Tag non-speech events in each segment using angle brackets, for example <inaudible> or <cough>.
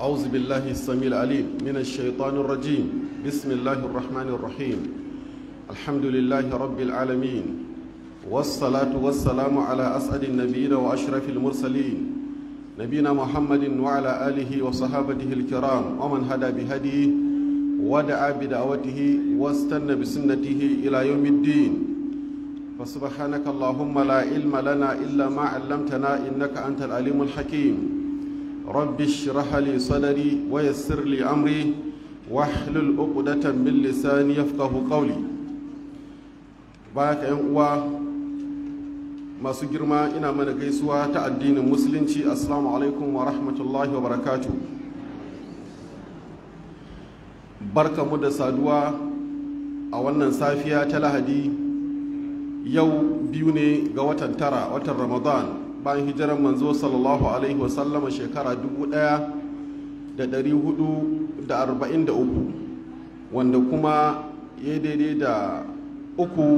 أعوذ بالله السميع العليم من الشيطان الرجيم بسم الله الرحمن الرحيم الحمد لله رب العالمين والصلاة والسلام على أسعد النبيين وأشرف المرسلين نبينا محمد وعلى آله وصحابته الكرام ومن هدى بهديه ودعا بدعوته واستنى بسنته إلى يوم الدين فسبحانك اللهم لا علم لنا إلا ما علمتنا إنك أنت العليم الحكيم رب اشرح لي صدري ويسر لي أمري واحلل عقدة من لساني يفقه قولي باك uwa masu girma ina mana gaisuwa ta addinin musulunci assalamu alaikum wa rahmatullahi wa barakatu barkamu da saduwa a wannan safiya ta lahadi yau biyu ne ga watan tara watan ramadan bayan hijirar manzo sallallahu alaihi wasallama shekara 1443 wanda kuma ya daidai da uku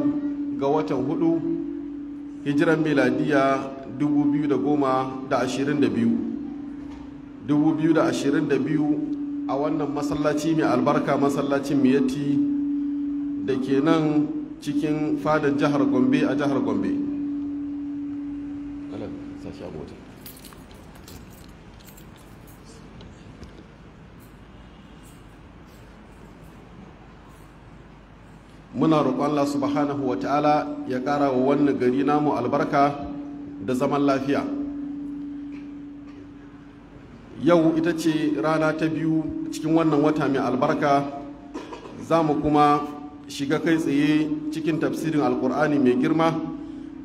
ga watan hudu hijirar miladiya 2022 2022 a wannan masallaci mai albarka masallacin miyatti da ke nan cikin fadar jihar gombe a jihar gombe gut. muna roƙon Allah subhanahu wa ta'ala ya ƙara wa wannan gari namu albarka da zaman lafiya yau ita ce rana ta biyu cikin wannan wata mai albarka za mu kuma shiga kai tsaye cikin tafsirin alkur'ani mai girma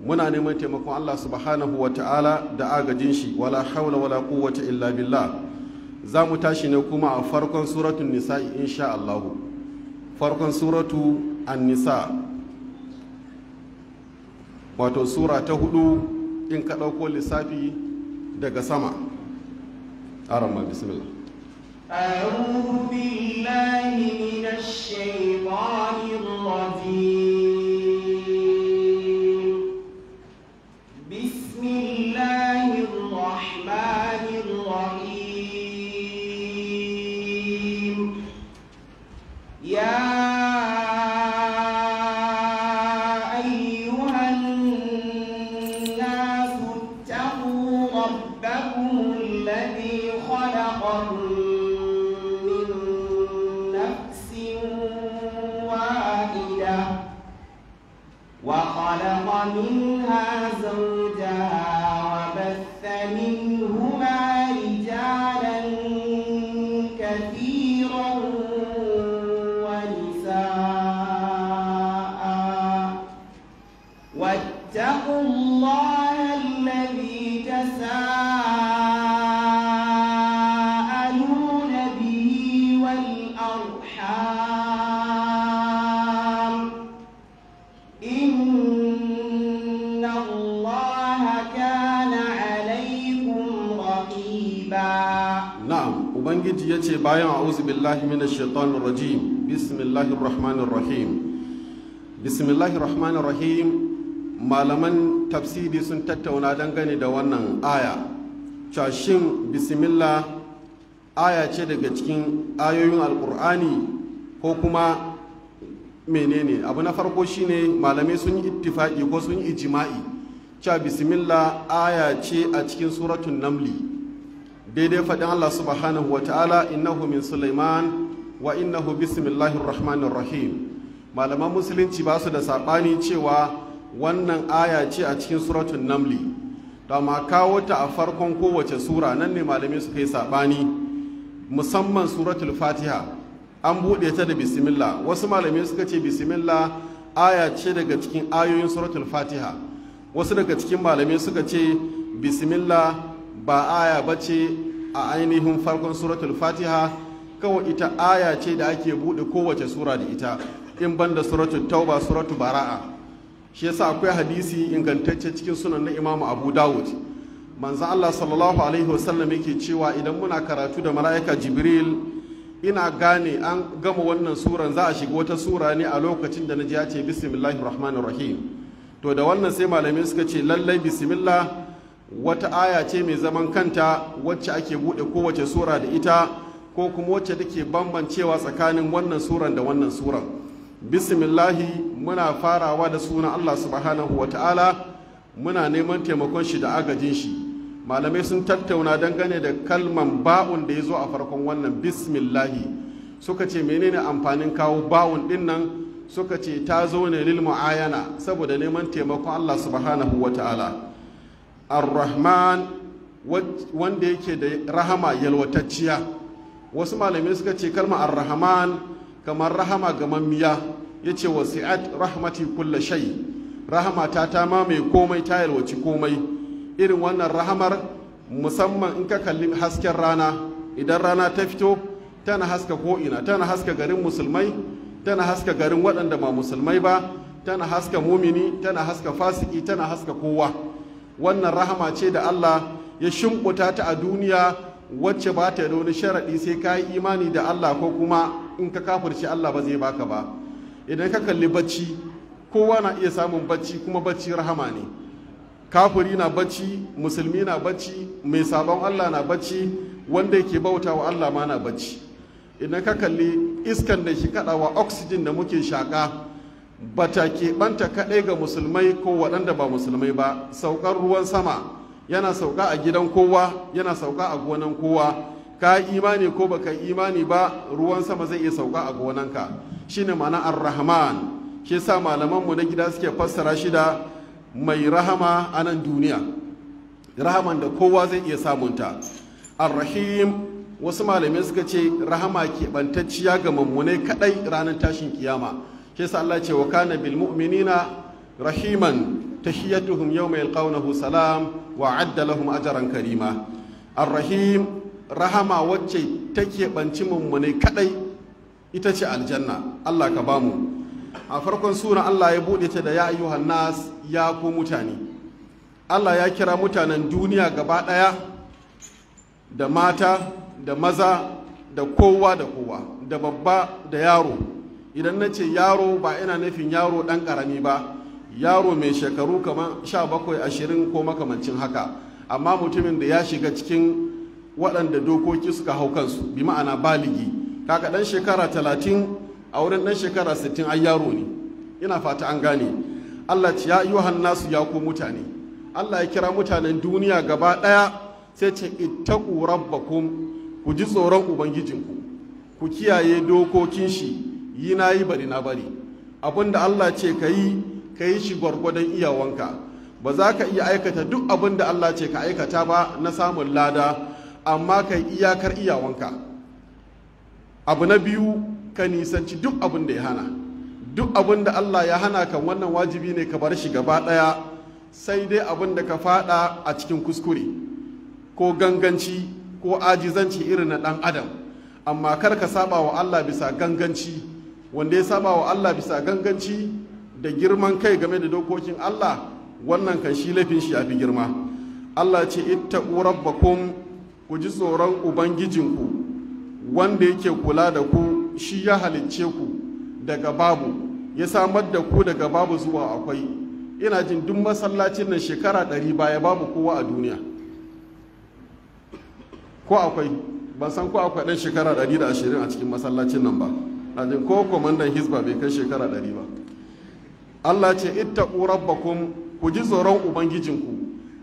muna neman taimakon Allah subhanahu wa ta'ala da agajin shi wala haula wala quwwata illa billah za mu tashi ne kuma a farkon suratun nisa'i insha Allah farkon suratu an-nisa wato sura ta hudu in ka dauko lissafi daga sama aramma bismillah أعوذ بالله من الشيطان الرجيم ubangiji ya ce bayan a'udhu billahi minash shaitanun rajim bismillahir rahmanir rahim bismillahir rahmanir rahim malaman tafsiri sun tattauna dangane da wannan aya cashin bismillah aya ce daga cikin ayoyin alkur'ani ko kuma menene abu na farko shine malamai sun yi ittifaki ko sun yi ijima'i cewa bismillah aya ce a cikin suratun namli daidai faɗin Allah subhanahu wa ta'ala innahu min Sulaiman wa innahu bismillahir rahmanir rahim malaman musulunci ba su da saɓani cewa wannan aya ce a cikin suratun namli da ma kawo ta a farkon kowace sura nan ne malamin suka yi saɓani musamman suratul fatiha an buɗe ta da bismillah wasu malamin suka ce bismillah aya ce daga cikin ayoyin suratul fatiha wasu daga cikin malamai suka ce bismillah ba aya ba ce a ainihin farkon suratul fatiha kawai ita aya ce da ake buɗe kowace sura da ita in banda suratul tauba suratul bara'a shi yasa akwai hadisi ingantacce cikin sunan na Imam abu dawud manzan allah sallallahu alaihi wasallam yake cewa idan muna karatu da mala'ika jibril ina gane an gama wannan suran za a shiga wata sura ne a lokacin da na ji ya ce bismillahir rahmanir rahim to da wannan sai malamai suka ce lallai bismillah wata aya ce mai zaman kanta wacce ake buɗe kowace sura da ita ko kuma wacce take bambancewa tsakanin wannan suran da wannan suran bismillahi muna farawa da suna allah subhanahu wa ta'ala muna neman taimakon shi da agajin shi malamai sun tattauna dangane da kalman ba'un da ya zo a farkon wannan bismillahi suka ce menene amfanin kawo ba'un din nan suka ce ta zo ne lil mu'ayana saboda neman taimakon allah subhanahu wa ta'ala ar-rahman wanda yake da rahama yalwatacciya wasu malamai suka ce kalma ar-rahman kamar rahama ga mamiya ya ce wasi'at rahmati kulla shai rahama ta ta mamaye komai ta yalwaci komai irin wannan rahamar musamman in ka kalli hasken rana idan rana ta fito tana haska ko'ina tana haska garin musulmai tana haska garin waɗanda ba musulmai ba tana haska mumini tana haska fasiki tana haska kowa wannan rahama ce da Allah ya shimbuta ta a duniya wacce ba ta da wani sharaɗi sai ka yi imani da Allah ko kuma in ka kafirce Allah ba zai baka ba idan ka kalli bacci kowa na iya samun bacci kuma bacci rahama ne kafiri na bacci musulmi na bacci mai sabon Allah na bacci wanda yake bauta wa Allah ma na bacci idan ka kalli iskan da shi kaɗawa oxygen da muke shaƙa bata keɓanta kaɗai ga musulmai ko waɗanda ba musulmai ba saukar ruwan sama yana sauka a gidan kowa yana sauka a gonan kowa ka imani ko baka imani ba ruwan sama zai iya sauka a gonanka shine ma'ana ar-rahman shi sa malamanmu na gida suke fassara shi da mai rahama a nan duniya rahaman da kowa zai iya samunta ar-rahim wasu malamai suka ce rahama keɓantacciya ga mummunai kaɗai ranar tashin kiyama ke sa Allah ce wa kana bil mu'minina rahiman tahiyatuhum yawma yalqawnahu salam wa adda lahum ajran karima ar-rahim rahama wacce take banci mummunai kadai ita ce aljanna Allah ka bamu a farkon sura Allah ya bude ta da ya ayyuhan nas ya ku mutane Allah ya kira mutanen duniya gaba daya da mata da maza da kowa da kowa da babba da yaro idan na ce yaro ba ina nufin yaro ɗan karami ba yaro mai shekaru kamar sha bakwai ashirin ko makamancin haka amma mutumin da ya shiga cikin waɗanda dokoki suka hau kansu bi ma'ana baligi kaka ɗan shekara talatin a wurin ɗan shekara sittin ai yaro ne ina fata an gane allah ci ya hannu nasu ya ku mutane allah ya kira mutanen duniya gaba ɗaya sai ce ittaqu rabbakum ku ji tsoron ubangijinku ku kiyaye dokokin shi yi na yi bari na bari abinda Allah ce ka yi ka yi shi gwargwadon iyawanka ba za ka iya aikata duk abin da Allah ce ka aikata ba na samun lada amma ka yi iyakar iyawanka abu na biyu ka nisanci duk abin da ya hana duk abin da Allah ya hana kan wannan wajibi ne ka bar shi gaba ɗaya sai dai abin da ka fada a cikin kuskure ko ganganci ko ajizanci irin na ɗan adam amma kar ka saba wa Allah bisa ganganci wanda ya saba wa Allah bisa ganganci da girman kai game da dokokin Allah wannan kan shi laifin shi yafi girma Allah ce ittaqu rabbakum ku ji tsoron ubangijinku wanda yake kula da ku shi ya halicce ku daga babu ya samar da ku daga babu zuwa akwai ina jin duk masallacin nan shekara ɗari baya babu kowa a duniya ko akwai ban san ko akwai ɗan shekara ɗari da ashirin a cikin masallacin nan ba abin ko kwamandan hisba bai kai shekara ɗari ba allah ce itta rabbakum ku ji tsoron ubangijinku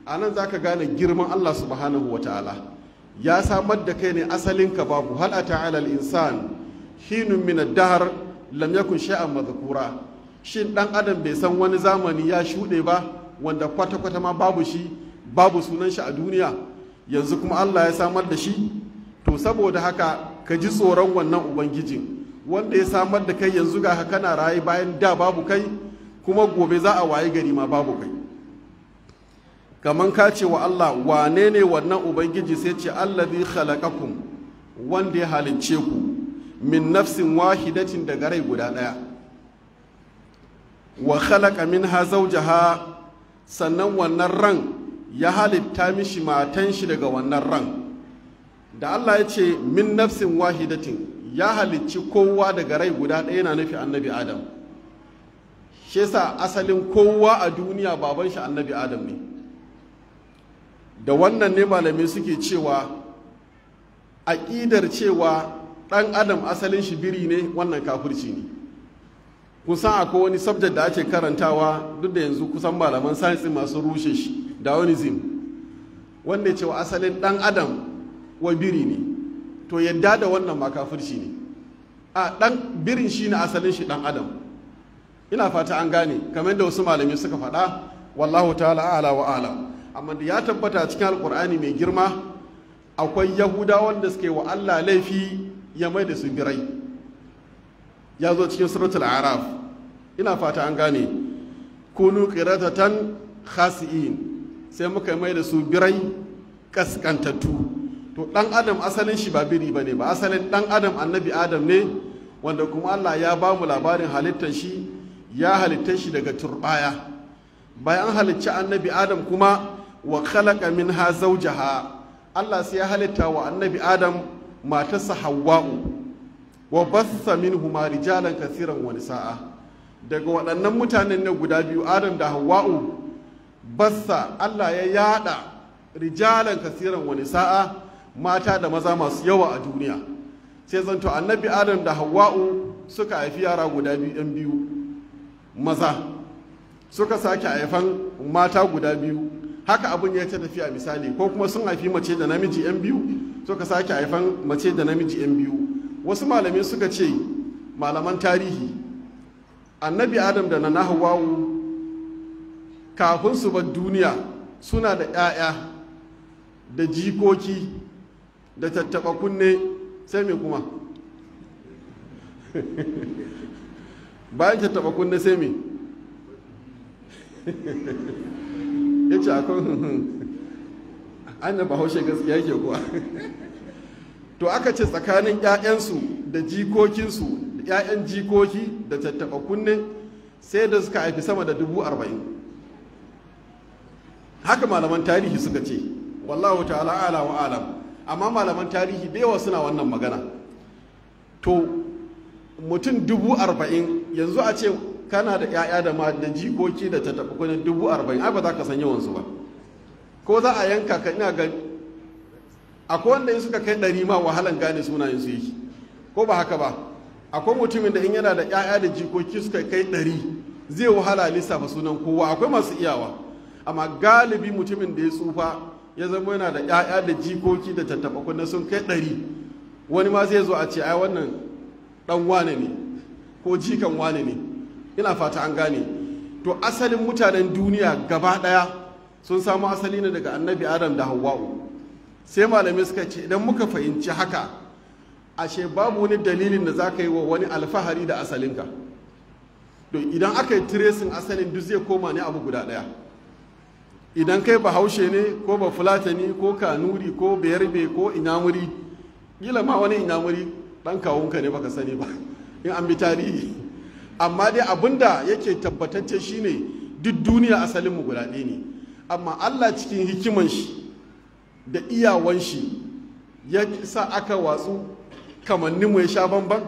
a nan za ka gane girman allah subhanahu wa ta'ala ya samar da kai ne asalin ka babu hal ta'ala al-insan hinun min ad lam yakun shay'an madhkura shin dan adam bai san wani zamani ya shuɗe ba wanda kwata-kwata ma babu shi babu sunan shi a duniya yanzu kuma allah ya samar da shi to saboda haka ka ji tsoron wannan ubangijin wanda ya samar da kai yanzu ga kana raye bayan da babu kai kuma gobe za a waye gari ma babu kai kaman ka ce wa Allah wane ne wannan ubangiji sai ce Allah zai allazi khalaqakum wanda ya halince ku min nafsin wahidatin daga rai guda daya wa khalaqa minha zawjaha sannan wannan ran ya halitta mishi matan shi daga wannan ran da Allah ya ce min nafsin wahidatin ya halicci kowa daga rai guda ɗaya na nufi annabi adam shi yasa asalin kowa a duniya baban shi annabi adam ne da wannan ne malamai suke cewa aƙidar cewa ɗan adam asalin shi biri ne wannan kafirci ne kusan akwai wani subject da ake karantawa duk da yanzu kusan malaman sayansi masu rushe shi darwinism wanda cewa asalin ɗan adam wa biri ne to yadda da wannan ma kafirci ne a dan birin shi ne asalin shi dan adam ina fata an gane kamar da wasu malami suka faɗa wallahu ta'ala ala wa ala amma da ya tabbata cikin alkur'ani mai girma akwai yahudawan da suke wa Allah laifi ya mai da su birai ya zo cikin suratul araf ina fata an gane kunu qiratatan khasi'in sai muka mai da su birai kaskantattu to ɗan adam asalin shi ba biri ba ne ba asalin ɗan adam annabi adam ne wanda kuma allah ya ba mu labarin halittar shi ya halitta shi daga turbaya bayan halicci annabi adam kuma wa khalaqa minha zawjaha allah sai ya halitta wa annabi adam matarsa hawwa'u wa bassa minhuma rijalan kasiran wa nisa'a daga waɗannan mutanen ne guda biyu adam da hawwa'u bassa allah ya yada rijalan kasiran wani sa'a. mata da maza masu yawa a duniya sai zanto annabi adam da hawa'u suka haifi yara guda biyu yan biyu maza suka sake haifan mata guda biyu haka abin ya ta tafiya misali ko kuma sun haifi mace da namiji yan biyu suka sake haifan mace da namiji yan biyu wasu malami suka ce malaman tarihi annabi adam da na hawa'u kafin su bar duniya suna da 'ya'ya da jikoki da tattaba kunne sai mai kuma <laughs> bayan tattaba kunne sai mai <laughs> ya ce akwai <laughs> an da bahaushe gaskiya yake kuwa to aka ce tsakanin 'ya'yansu da jikokinsu 'ya'yan jikoki da tattaba kunne sai da suka haifi sama da dubu arba'in haka malaman tarihi suka ce wallahu ta'ala ala wa alam amma malaman tarihi da yawa suna wannan magana to mutum dubu arba'in yanzu a ce kana da 'ya'ya da ma da jikoki da ta tafi dubu arba'in ai ba za ka san yawansu ba ko za a yanka ka ina ga akwai wanda in suka kai ɗari ma wahalan gane sunayen su yake ko ba haka ba akwai mutumin da in yana da 'ya'ya da jikoki suka kai ɗari zai wahala lissafa sunan kowa akwai masu iyawa amma galibi mutumin da ya tsufa ya zama yana da 'ya'ya da jikoki da tattaɓa kunna sun kai ɗari wani ma zai zo a ce ai wannan ɗan wane ne ko jikan wane ne ina fata an gane to asalin mutanen duniya gaba ɗaya sun samu asali ne daga annabi adam da hawa'u sai malamai suka ce idan muka fahimci haka ashe babu wani dalilin da za ka yi wa wani alfahari da asalinka to idan aka yi tracing asalin duk zai koma ne abu guda ɗaya idan kai bahaushe ne ko ba fulatani ko kanuri ko bayarbe ko inamuri gila ma wani inamuri dan kawunka ne baka sani ba <laughs> in an bi tarihi amma dai abinda yake tabbatacce shine duk duniya asalin mu guda ne amma Allah cikin hikiman shi da iyawan shi ya sa aka watsu kamanninmu mu ya sha bamban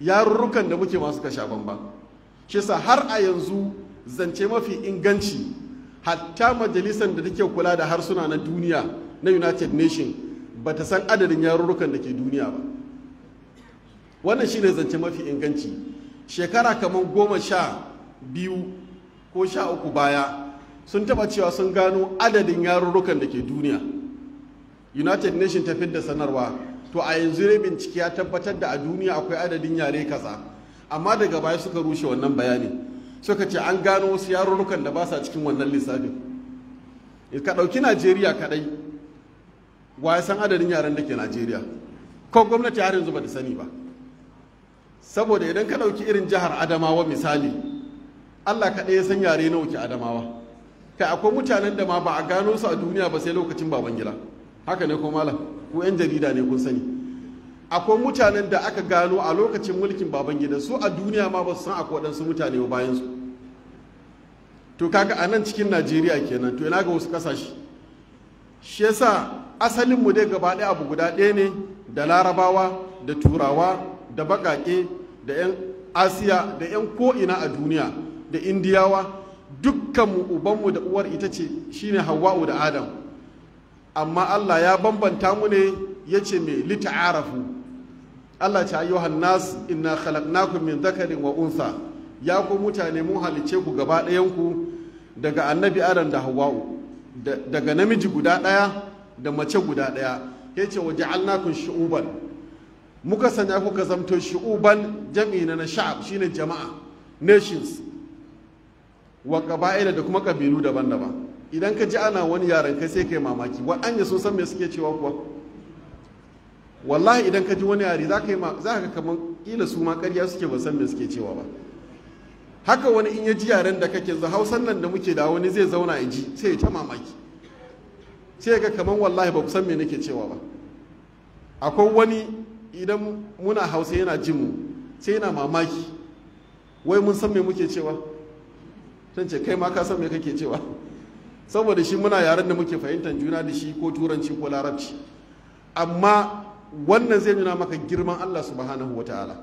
yarurrukan da muke masu ka sha bamban shi sa har a yanzu zance mafi inganci hatta majalisar da take kula da harsuna na duniya na united nation ba ta san adadin yarurrukan da ke duniya ba wannan shine zance mafi inganci shekara kamar goma sha biyu ko sha uku baya sun taba cewa sun gano adadin yarurrukan da ke duniya united nation ta da sanarwa to a yanzu ne bincike ya tabbatar da a duniya akwai adadin yare kaza amma daga baya suka rushe wannan bayanin suka ce an gano wasu yarurrukan da ba sa cikin wannan lissafin ka ɗauki najeriya kaɗai wa ya san adadin yaren da ke najeriya ko gwamnati har yanzu ba da sani ba saboda idan ka ɗauki irin jihar adamawa misali allah kaɗai ya san yare nawa ke adamawa kai akwai mutanen da ma ba a gano su a duniya ba sai lokacin babangida haka ne ko malam ku 'yan jarida ne kun sani akwai mutanen da aka gano a lokacin mulkin babangida su a duniya ma ba su san akwai waɗansu mutane ba bayan su to kaka a nan cikin najeriya kenan to ina ga wasu kasashe shi yasa asalin mu dai gaba ɗaya abu guda ɗaya ne da larabawa da turawa da baƙaƙe da 'yan asiya da 'yan ko'ina a duniya da indiyawa dukkanmu ubanmu da uwar ita ce shine hawa'u da adam amma allah ya bambanta mu ne ya ce mai lita'arafu allah ce ayyuhan nas inna khalaqnakum min dhakarin wa unsa. ya ku mutane mun halice ku gaba ɗayanku daga annabi adam da hawa'u daga namiji guda ɗaya da mace guda ɗaya ya ce waje alnakun shi'uban muka sanya kuka zamto shi'uban jam'i na na sha'ab shine jama'a nations wa ƙaba'ila da kuma ƙabilu daban-daban idan ka ji ana wani yaren kai sai kai mamaki wa an sun san me suke cewa kuwa wallahi idan ka ji wani yare za ka kamar kila su ma ƙarya suke ba san me suke cewa ba haka wani in ya ji yaren da kake za hausan nan da muke da wani zai zauna ya ji sai ya ta mamaki sai ga kaman wallahi ba ku san me nake cewa ba akwai wani idan muna hausa yana jin mu sai yana mamaki wai mun san me muke cewa tun ce kai ma ka san me kake cewa saboda shi muna yaren da muke fahimtar juna da shi ko turanci ko larabci amma wannan zai nuna maka girman Allah subhanahu wataala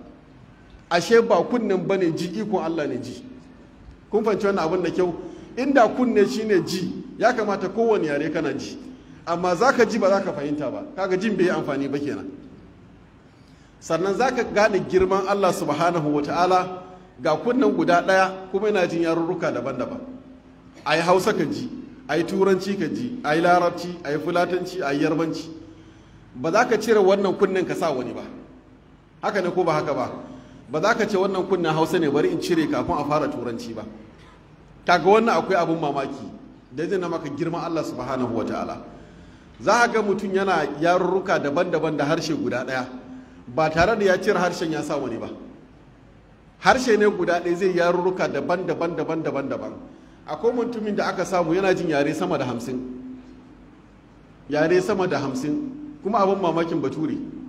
ashe ba kunnen bane ji ikon Allah ne ji kun fahimci wannan abin da kyau inda kunne shine ji ya kamata kowane yare kana ji amma zaka ji ba za ka fahimta ba kaga jin bai amfani ba kenan sannan za ka gane girman Allah subhanahu wa ta'ala ga kunnen guda ɗaya kuma yana jin yarurruka daban-daban a yi hausa ka ji a yi turanci ka ji a yi larabci a yi fulatanci a yi yarbanci ba za ka cire wannan kunnen ka sa wani ba haka ne ko ba haka ba ba za ka ce wannan kunna hausa ne bari in cire kafin a fara turanci ba kaga wannan akwai abin mamaki da zai na maka girma allah subhanahu wa ta'ala za a ga mutum yana yarurruka daban-daban da harshe guda ɗaya ba tare da ya cire harshen ya sa wani ba harshe ne guda ɗaya zai yarurruka daban-daban daban-daban daban akwai mutumin da aka samu yana jin yare sama da hamsin yare sama da hamsin kuma abin mamakin bature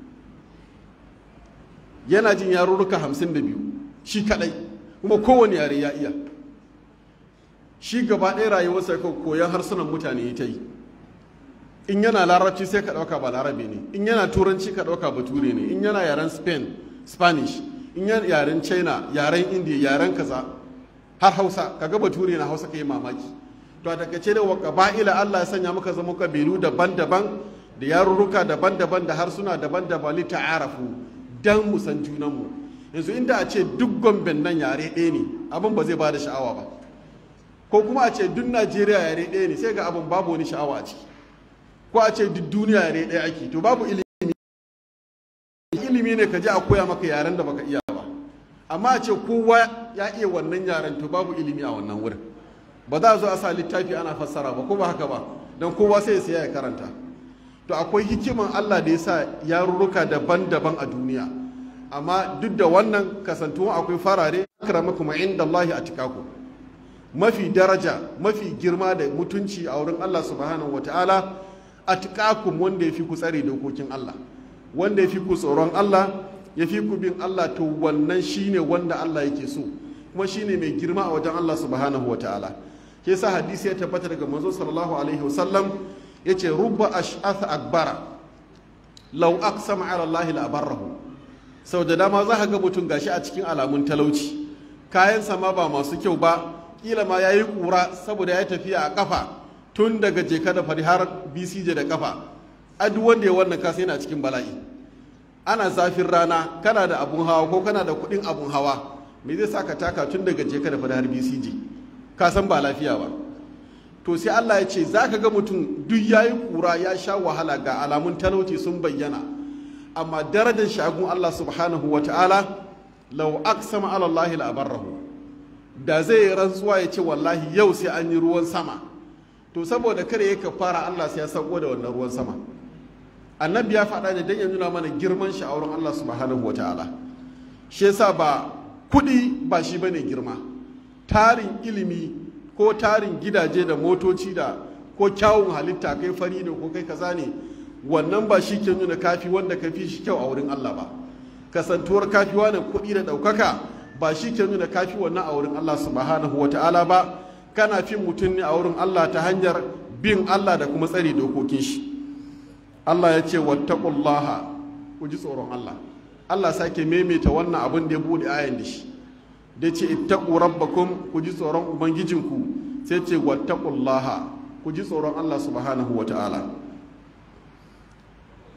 yana jin yarurruka hamsin da biyu shi kadai kuma kowane yare ya iya shi gaba ɗaya rayuwarsa kawai koyan harsunan mutane ta yi in yana larabci sai ka ɗauka ba larabe ne in yana turanci ka ɗauka bature ne in yana yaren spain spanish in yana yaren china yaren india yaren kaza har hausa kaga bature na hausa ka yi mamaki to a takaice da wa ƙaba'ila allah ya sanya muka zama kabilu daban-daban da yarurruka daban-daban da harsuna daban-daban li ta'arafu don musan san mu yanzu inda a ce duk gomben nan yare ɗaya ne abin ba zai ba da sha'awa ba ko kuma a ce duk najeriya yare ɗaya ne sai ga abin babu wani sha'awa a ciki ko a ce duk duniya yare ɗaya ake to babu ilimi ilimi ne ka je a koya maka yaren da baka iya ba amma a ce kowa ya iya wannan yaren to babu ilimi a wannan wurin ba za a zo a sa littafi ana fassara ba ko ba haka ba don kowa sai ya saya ya karanta to akwai hikiman Allah da ya sa yarurruka daban-daban a duniya amma duk da wannan kasantuwa akwai farare akramakum inda Allah atikaku mafi daraja mafi girma da mutunci a wurin Allah subhanahu wataala atikakum wanda ya fi ku tsare dokokin Allah wanda ya fi ku tsoron Allah ya fi ku bin Allah to wannan shine wanda Allah yake so kuma shine mai girma a wajen Allah subhanahu wataala ke sa hadisi ya tabbata daga manzo sallallahu alaihi wasallam yace rubba ash'ath akbara law aqsama ala allahi barrahu sau da dama za ka ga mutum gashi a cikin alamun talauci kayansa ma ba masu kyau ba kila ma ya yi kura saboda ya yi tafiya a kafa tun daga jeka da fari har bcj da kafa a wanda ya wannan kasa yana cikin bala'i ana zafin rana kana da abun hawa ko kana da kuɗin abun hawa me zai sa ka taka tun daga jeka da fari har bcj ka san ba lafiya ba to sai Allah ya ce za ka ga mutum duk ya yi ƙura ya sha wahala ga alamun talauci sun bayyana amma darajar shagun Allah subhanahu wa ta'ala lau aksama alallahi labarrahu da zai yi rantsuwa ya ce wallahi yau sai an yi ruwan sama to saboda kare ya fara Allah sai ya sauko da wannan ruwan sama annabi ya faɗa ne don ya nuna mana girman sha'awar Allah subhanahu wa ta'ala shi yasa ba kuɗi ba shi bane girma tarin ilimi ko tarin gidaje da motoci da ko kyawun halitta kai fari ne ko kai kaza ne wannan ba shi ke nuna kafi wanda ka fi shi kyau a wurin Allah ba kasantuwar wa ne kuɗi da ɗaukaka ba shi ke nuna kafi wannan a wurin Allah subhanahu wa ta'ala ba kana fin mutum ne a wurin Allah ta hanyar bin Allah da kuma tsare dokokin shi Allah ya ce wattaqullaha ku ji tsoron Allah Allah sake maimaita wannan abin da ya bude ayan da shi da ce ittaqu rabbakum ku ji tsoron ubangijinku sai ce wattaqullaha ku ji tsoron Allah subhanahu wata'ala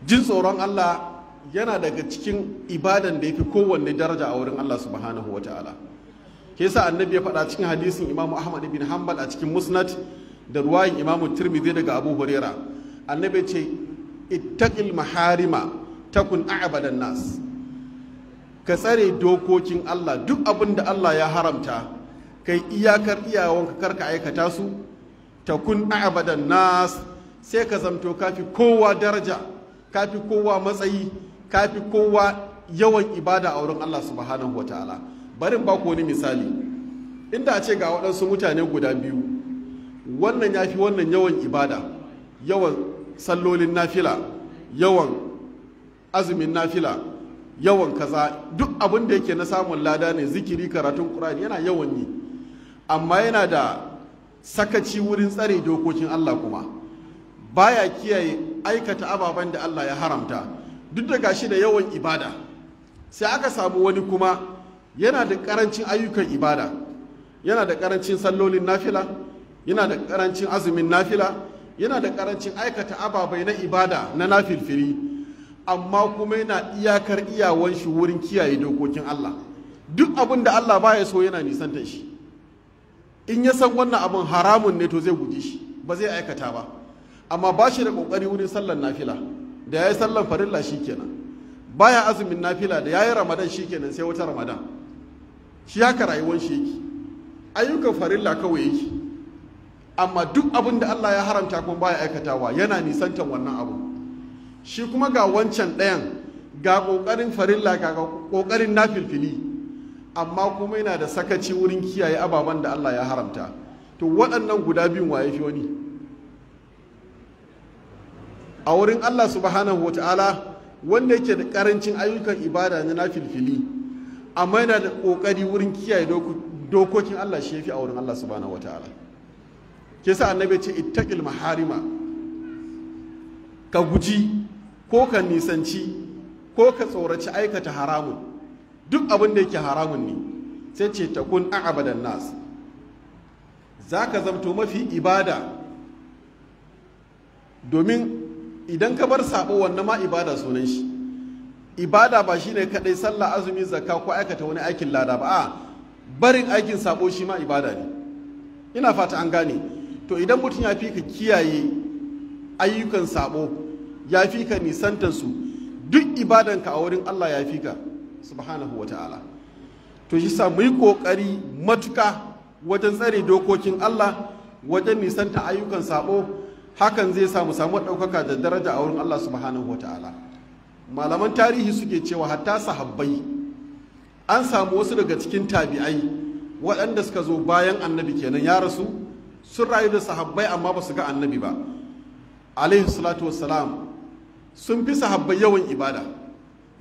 jin tsoron Allah yana daga cikin ibadan da yafi kowanne daraja a wurin Allah subhanahu wata'ala ke sa annabi ya faɗa cikin hadisin Imam Ahmad ibn Hanbal a cikin Musnad da ruwayin Imam Tirmidhi daga Abu Huraira annabi ce ittaqil maharima takun a'badan nas ka tsare dokokin Allah duk abin da Allah ya haramta kai iyakar iyawanka ka aikata su ta kun abadan nas sai ka zamto kafi kowa daraja kafi kowa matsayi kafi kowa yawan ibada a wurin Allah subhanahu wataala barin ba ku wani misali inda a ce ga waɗansu mutane guda biyu wannan ya fi wannan yawan ibada yawan sallolin nafila yawan azumin nafila yawan kaza duk abin da yake na samun lada ne zikiri karatun ƙura'ani yana yawan yi amma yana da sakaci wurin tsare dokokin Allah kuma baya kiyaye aikata ababen da Allah ya haramta duk da gashi da yawan ibada sai aka samu wani kuma yana da karancin ayyukan ibada yana da karancin sallolin nafila yana da karancin azumin nafila yana da karancin aikata ababai na ibada na nafilfiri amma kuma yana iyakar iyawan shi wurin kiyaye dokokin Allah duk abin da Allah baya so yana nisanta shi in ya san wannan abin haramun ne to zai guji shi ba zai aikata ba amma ba shi da kokari wurin sallar nafila da yayi sallar farilla shikenan baya azumin nafila da yayi ramadan shikenan sai wata ramadan shi haka rayuwar shi yake ayyukan farilla kawai yake amma duk abin da Allah ya haramta kuma baya aikatawa yana nisantan wannan abu shi kuma ga wancan ɗayan ga ƙoƙarin farilla ga ƙoƙarin nafilfili amma kuma yana da sakaci wurin kiyaye ababen da Allah ya haramta to waɗannan guda biyun waye fi wani a wurin Allah subhanahu wa ta'ala wanda yake da ƙarancin ayyukan ibada na nafilfili amma yana da ƙoƙari wurin kiyaye dokokin Allah shi fi a wurin Allah subhanahu wa ta'ala ke sa annabi ce ittaqil maharima ka guji ko ka nisanci ko ka tsoraci aikata haramun duk abin da yake haramun ne sai ce ta kun abadan nas za ka zamto mafi ibada domin idan ka bar sabo wannan ma ibada sunan shi ibada ba shine kadai sallah azumi zaka ko aikata wani aikin lada ba a barin aikin sabo shi ma ibada ne ina fata an gane to idan mutum ya fi ka kiyaye ayyukan sabo ya fi ka nisantar duk ibadanka a wurin Allah ya fi ka subhanahu wa ta'ala to shi sa yi kokari matuka wajen tsare dokokin Allah wajen nisanta ayyukan sabo hakan zai samu samu ɗaukaka da daraja a wurin Allah subhanahu wa ta'ala malaman tarihi suke cewa hatta sahabbai an samu wasu daga cikin tabi'ai waɗanda suka zo bayan annabi kenan ya rasu sun rayu da sahabbai amma ba su ga annabi ba alaihi salatu wassalam sun fi sahabbai yawan ibada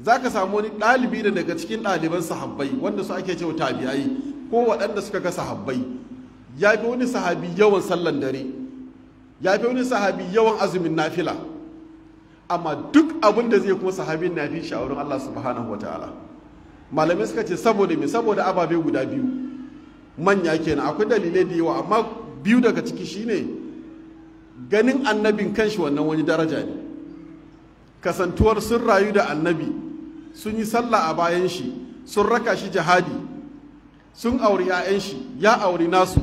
za ka samu wani ɗalibi da daga cikin ɗaliban sahabbai wanda su ake cewa tabiyayi, ko waɗanda suka ga sahabbai ya fi wani sahabi yawan sallan dare ya fi wani sahabi yawan azumin nafila amma duk abin da zai kuma sahabin na fi shi wurin Allah subhanahu wa ta'ala malamai suka ce saboda me saboda ababe guda biyu manya kenan akwai dalilai da yawa amma biyu daga ciki shine ganin annabin kanshi wannan wani daraja ne kasantuwar sun rayu da annabi sun yi sallah a bayan shi sun raka shi jihadi sun auri 'ya'yan shi ya auri nasu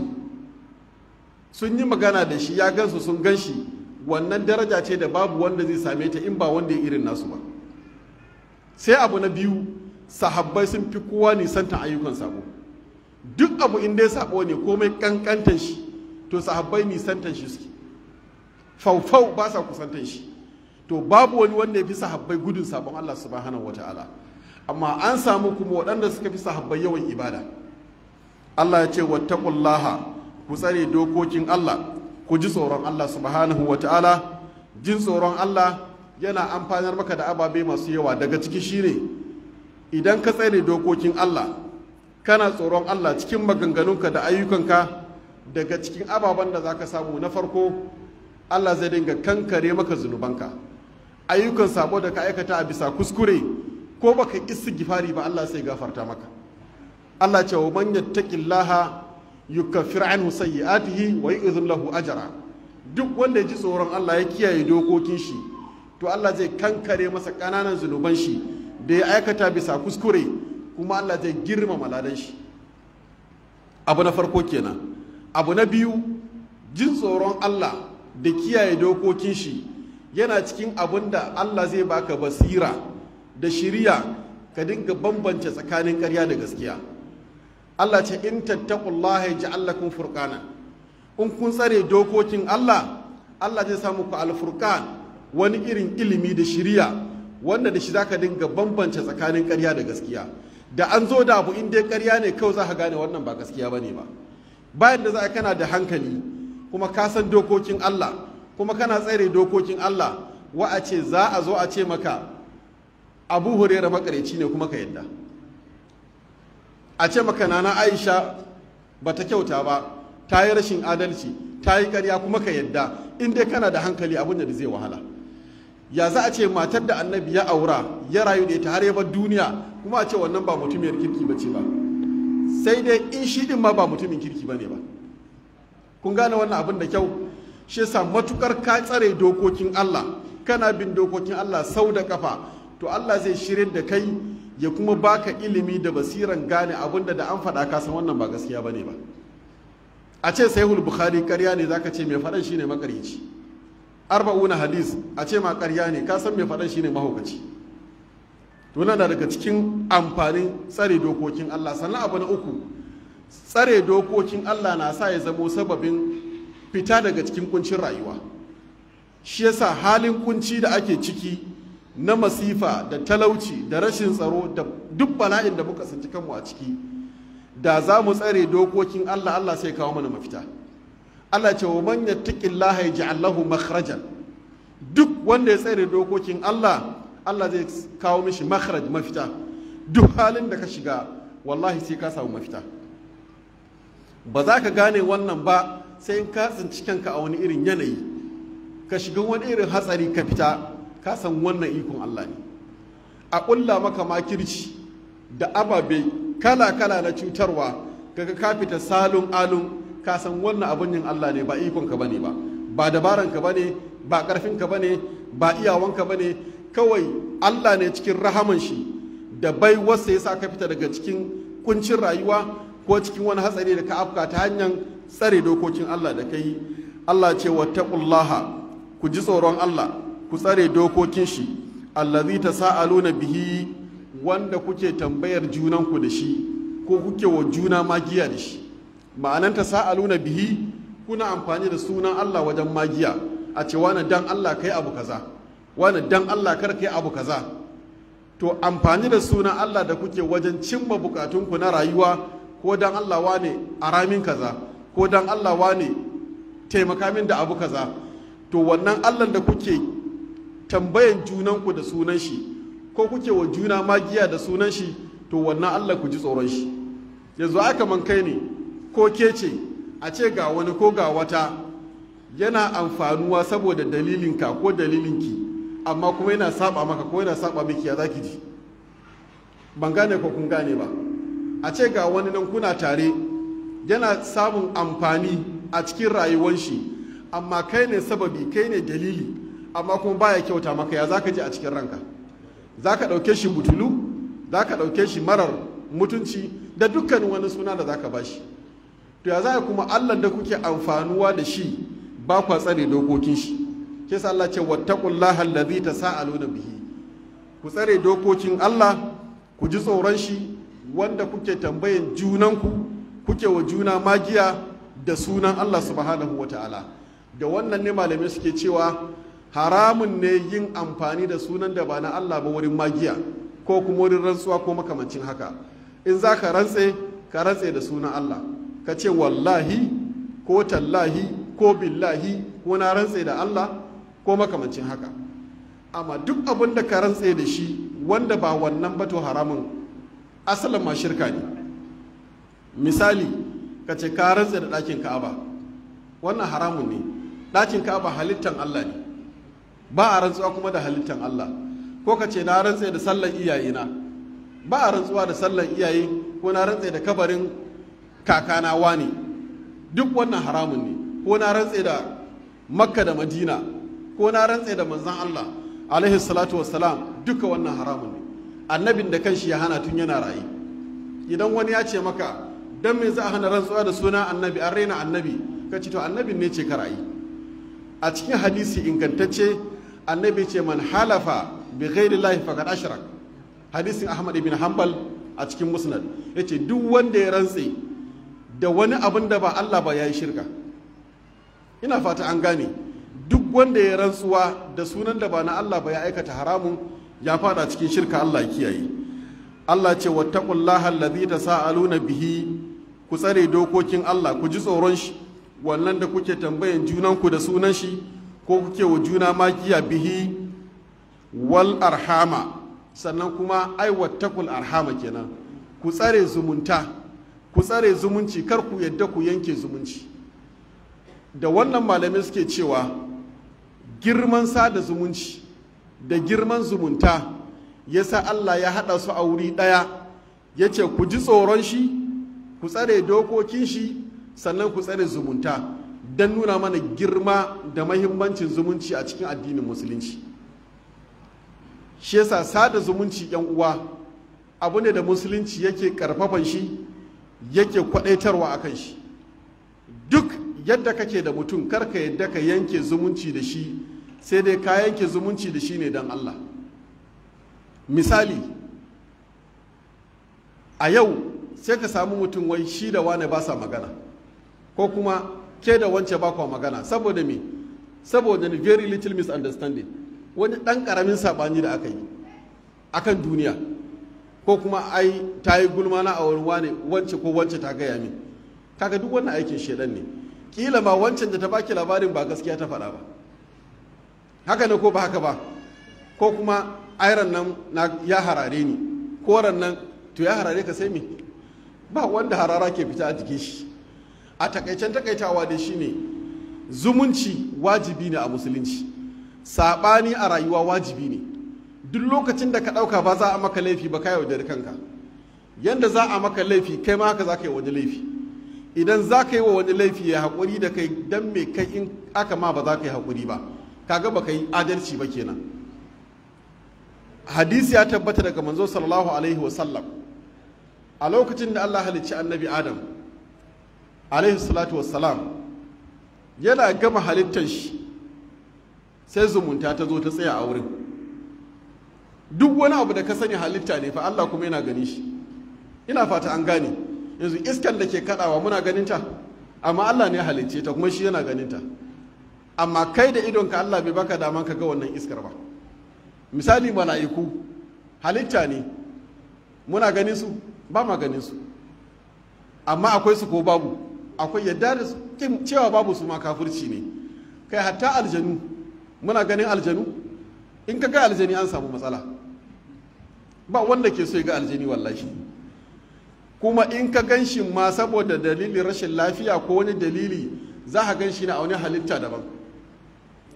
sun yi magana da shi ya gansu sun gan shi wannan daraja ce da babu wanda zai same ta in ba wanda ya irin nasu ba sai abu na biyu sahabbai sun fi kowa nisantan ayyukan sabo duk abu in dai sabo ne komai kankantan shi to sahabbai nisantan shi suke faufau ba sa kusantan shi to babu wani wanda ya fi sahabbai gudun sabon Allah subhanahu ta'ala, amma an samu kuma waɗanda suka fi sahabbai yawan ibada Allah ya ce wattaqullaha ku tsare dokokin Allah ku ji tsoron Allah subhanahu ta'ala jin tsoron Allah yana amfanar maka da ababe masu yawa daga ciki shine idan ka tsare dokokin Allah kana tsoron Allah cikin maganganunka da ayyukanka daga cikin ababen da za ka samu na farko Allah zai dinga kankare maka zunubanka ayyukan sabo da ka aikata a bisa kuskure ko baka gifari ba Allah sai gafarta maka Allah ce wa man yattaqillaha yukaffir anhu sayyi'atihi wa izin lahu ajra duk wanda ya ji tsoron Allah ya kiyaye dokokin shi to Allah zai kankare masa kananan zunuban shi da ya aikata bisa kuskure kuma Allah zai girmama ladan shi abu na farko kenan abu na biyu jin tsoron Allah da kiyaye dokokin shi yana cikin abin da Allah zai baka basira da shiriya ka dinga bambance tsakanin karya da gaskiya Allah ce in tattaqullaha yaj'al lakum furqana in kun tsare dokokin Allah Allah zai samu ku alfurkan wani irin ilimi da shiriya wanda da shi zaka dinga bambance tsakanin ƙarya da gaskiya da an zo da abu in dai ƙarya ne kawai za ka gane wannan ba gaskiya bane ba bayan da za kana da hankali kuma ka san dokokin Allah kuma kana tsare dokokin Allah wa a ce za a zo a ce maka abu hurera makareci ne kuma ka yadda a ce maka nana aisha ba ta kyauta ba ta yi rashin adalci ta yi karya kuma ka yadda in dai kana da hankali abin da zai wahala ya za a ce matar da annabi ya aura ya rayu da ta har ya duniya kuma a ce wannan ba mutumiyar kirki ba ce ba sai dai in shi din ma ba mutumin kirki ba ne ba kun gane wannan abin da kyau shi yasa matukar ka tsare dokokin Allah kana bin dokokin Allah sau da kafa to Allah zai shirin da kai ya kuma baka ilimi da basiran gane abinda da an faɗa ka san wannan ba gaskiya bane ba a ce sahihul bukhari karya ne zaka ce mai faɗan shine Arba'u arba'una hadis a ce ma karya ne ka san mai faɗan shine mahaukaci to na daga cikin amfanin tsare dokokin Allah sannan abu na uku tsare dokokin Allah na sa ya zamo sababin fita daga cikin kuncin rayuwa shi yasa halin kunci da ake ciki na masifa da talauci da rashin tsaro da duk bala'in da muka sanci kanmu a ciki da za mu tsare dokokin Allah Allah sai kawo mana mafita Allah ce wa man yattaqillaha yaj'al Allahu makhrajan duk wanda ya tsare dokokin Allah Allah zai kawo mishi makhraj mafita duk halin da ka shiga wallahi sai ka samu mafita ba za ka gane wannan ba sai in ka tsinci kanka a wani irin yanayi ka shiga wani irin hatsari ka fita ka san wannan ikon Allah ne a ƙulla maka makirci da ababe kala-kala na cutarwa kaga ka fita salun alun ka san wannan abun yin Allah ne ba ikon ka bane ba ba dabaran ka bane ba karfin ka bane ba iyawan ka bane kawai Allah ne cikin rahaman shi da bai wasa yasa ka fita daga cikin kuncin rayuwa ko cikin wani hatsari da ka afka ta hanyar tsare dokokin Allah da kai Allah ce wa wattaqullaha ku ji tsoron Allah ku tsare dokokin shi allazi tasaaluna bihi wanda kuke tambayar junanku da shi ko kuke wa juna magiya da shi ma'anan tasaaluna bihi kuna amfani da sunan Allah wajen magiya a ce wani dan Allah kai abu kaza wani dan Allah kar kai abu kaza to amfani da sunan Allah da kuke wajen cimma bukatunku na rayuwa ko dan Allah wane a ramin kaza ko dan Allah wane taimaka min da abu kaza to wannan Allah da kuke tambayan junanku da sunan shi ko kuke wa juna magiya da sunan shi to wannan Allah ku ji tsoron shi yanzu aka man kai ne ko ke ce a ce ga wani ko ga wata yana amfanuwa saboda dalilinka ko dalilinki amma kuma yana saba maka ko yana saba miki ya zaki ji ban gane ko kun gane ba a ce ga wani nan kuna tare yana samun amfani a cikin rayuwar shi amma kai ne sababi kai ne dalili amma kuma baya kyauta maka ya zaka ji a cikin ranka zaka ɗauke shi butulu zaka ɗauke shi marar mutunci da dukkanin wani suna da zaka bashi to ya za kuma Allah da kuke amfanuwa da shi ba kwa tsare dokokin shi ke sa Allah ce wattaqullaha allazi tasaaluna bihi ku tsare dokokin Allah ku ji tsoron shi wanda kuke tambayan junanku kuke wa juna magiya da sunan Allah subhanahu wa ta'ala da wannan ne malamai suke cewa haramun ne yin amfani da sunan da ba na Allah ba wurin magiya ko kuma wurin rantsuwa ko makamancin haka in za ka rantse ka rantse da sunan Allah ka ce wallahi ko tallahi ko billahi ko na rantse da Allah ko makamancin haka amma duk abin da ka rantse da shi wanda ba wannan ba to haramun asalin ma shirka ne misali ka ce ka rantse da ɗakin ka'aba wannan haramun ne ɗakin ka'aba halittan Allah ne ba a rantsuwa kuma da halittan Allah ko ka ce na rantse da sallan iyayena ba a rantsuwa da sallan iyaye ko na rantse da kabarin kakana wani duk wannan haramun ne ko na rantse da makka da madina ko na rantse da manzan Allah alaihi salatu wassalam duka wannan haramun ne annabin da kanshi ya hana tun yana rayu idan wani ya ce maka dan me za a hana rantsuwa da suna annabi an raina annabi ka ce to annabin ne ce karayi a cikin hadisi ingantacce annabi ce man halafa bi ghairi lahi faqad ashrak hadisin ahmad ibn hanbal a cikin musnad yace duk wanda ya rantse da wani abin da ba Allah ba yayi shirka ina fata an gane duk wanda ya rantsuwa da sunan da ba na Allah ba ya aikata haramun ya fada cikin shirka Allah ya kiyaye Allah ce wattaqullaha allazi tasaaluna bihi ku tsare dokokin Allah ku ji tsoron shi wannan da kuke tambayan junanku da sunan shi ko kuke wa juna makiya bihi wal arhama sannan kuma aiwatakul arhama kenan ku tsare zumunta ku tsare zumunci kar ku yadda ku yanke zumunci da wannan malamai suke cewa girman sada zumunci da girman zumunta yasa Allah ya haɗa su a wuri ɗaya ya ce ku ji tsoron shi ku tsare dokokin shi sannan ku tsare zumunta don nuna mana girma da mahimmancin zumunci a cikin addinin musulunci shi yasa sada zumunci yan uwa abu ne da musulunci yake karfafan shi yake kwadaitarwa kan shi duk yadda kake da mutum karka yadda ka yanke zumunci da shi sai dai ka yanke zumunci da shi ne don allah misali a yau sai ka samu mutum wai shi da wane ba sa magana ko kuma ke da wance ba kwa magana saboda me saboda very little misunderstanding wani dan karamin sabani da aka yi akan duniya ko kuma ai ta yi gulma na a wani wane wance ko wance ta gaya min kaga duk wannan aikin shedan ne kila ma wancan da ta baki labarin ba gaskiya ta faɗa ba haka ne ko ba haka ba ko kuma airan nan ya harare ni koran nan to ya harare ka sai me ba wanda harara ke fita a jikin shi a takaicen takaitawa shi ne zumunci wajibi ne a musulunci saɓani a rayuwa wajibi ne duk lokacin da ka ɗauka ba za a maka laifi ba ka yaudari kanka yanda za a maka laifi kai ma haka za ka yi wani laifi idan za ka yi wa wani laifi ya haƙuri da kai don mai kai in aka ma ba za ka yi haƙuri ba kaga ba ka yi adalci ba kenan hadisi ya tabbata daga manzo sallallahu alaihi wasallam a lokacin da Allah halicci annabi Adam alaihi salatu wassalam yana gama halittar shi sai zumunta ta zo ta tsaya a wurin duk wani abu da ka sani halitta ne fa Allah kuma yana gani shi ina fata an gane yanzu iskan da ke kadawa muna ganin ta amma Allah ne halicce ta kuma shi yana ganin ta amma kai da idonka Allah bai baka daman ka ga wannan iskar ba misali mala'iku halitta ne muna ganin su ba ma ganin su amma akwai su ko babu akwai yadda da cewa babu su ma kafirci ne kai hatta aljanu muna ganin aljanu in ka ga aljani an samu matsala ba wanda ke so ya ga aljani wallahi kuma in ka gan shi ma saboda dalilin rashin lafiya ko wani dalili za ka gan shi na a wani halitta daban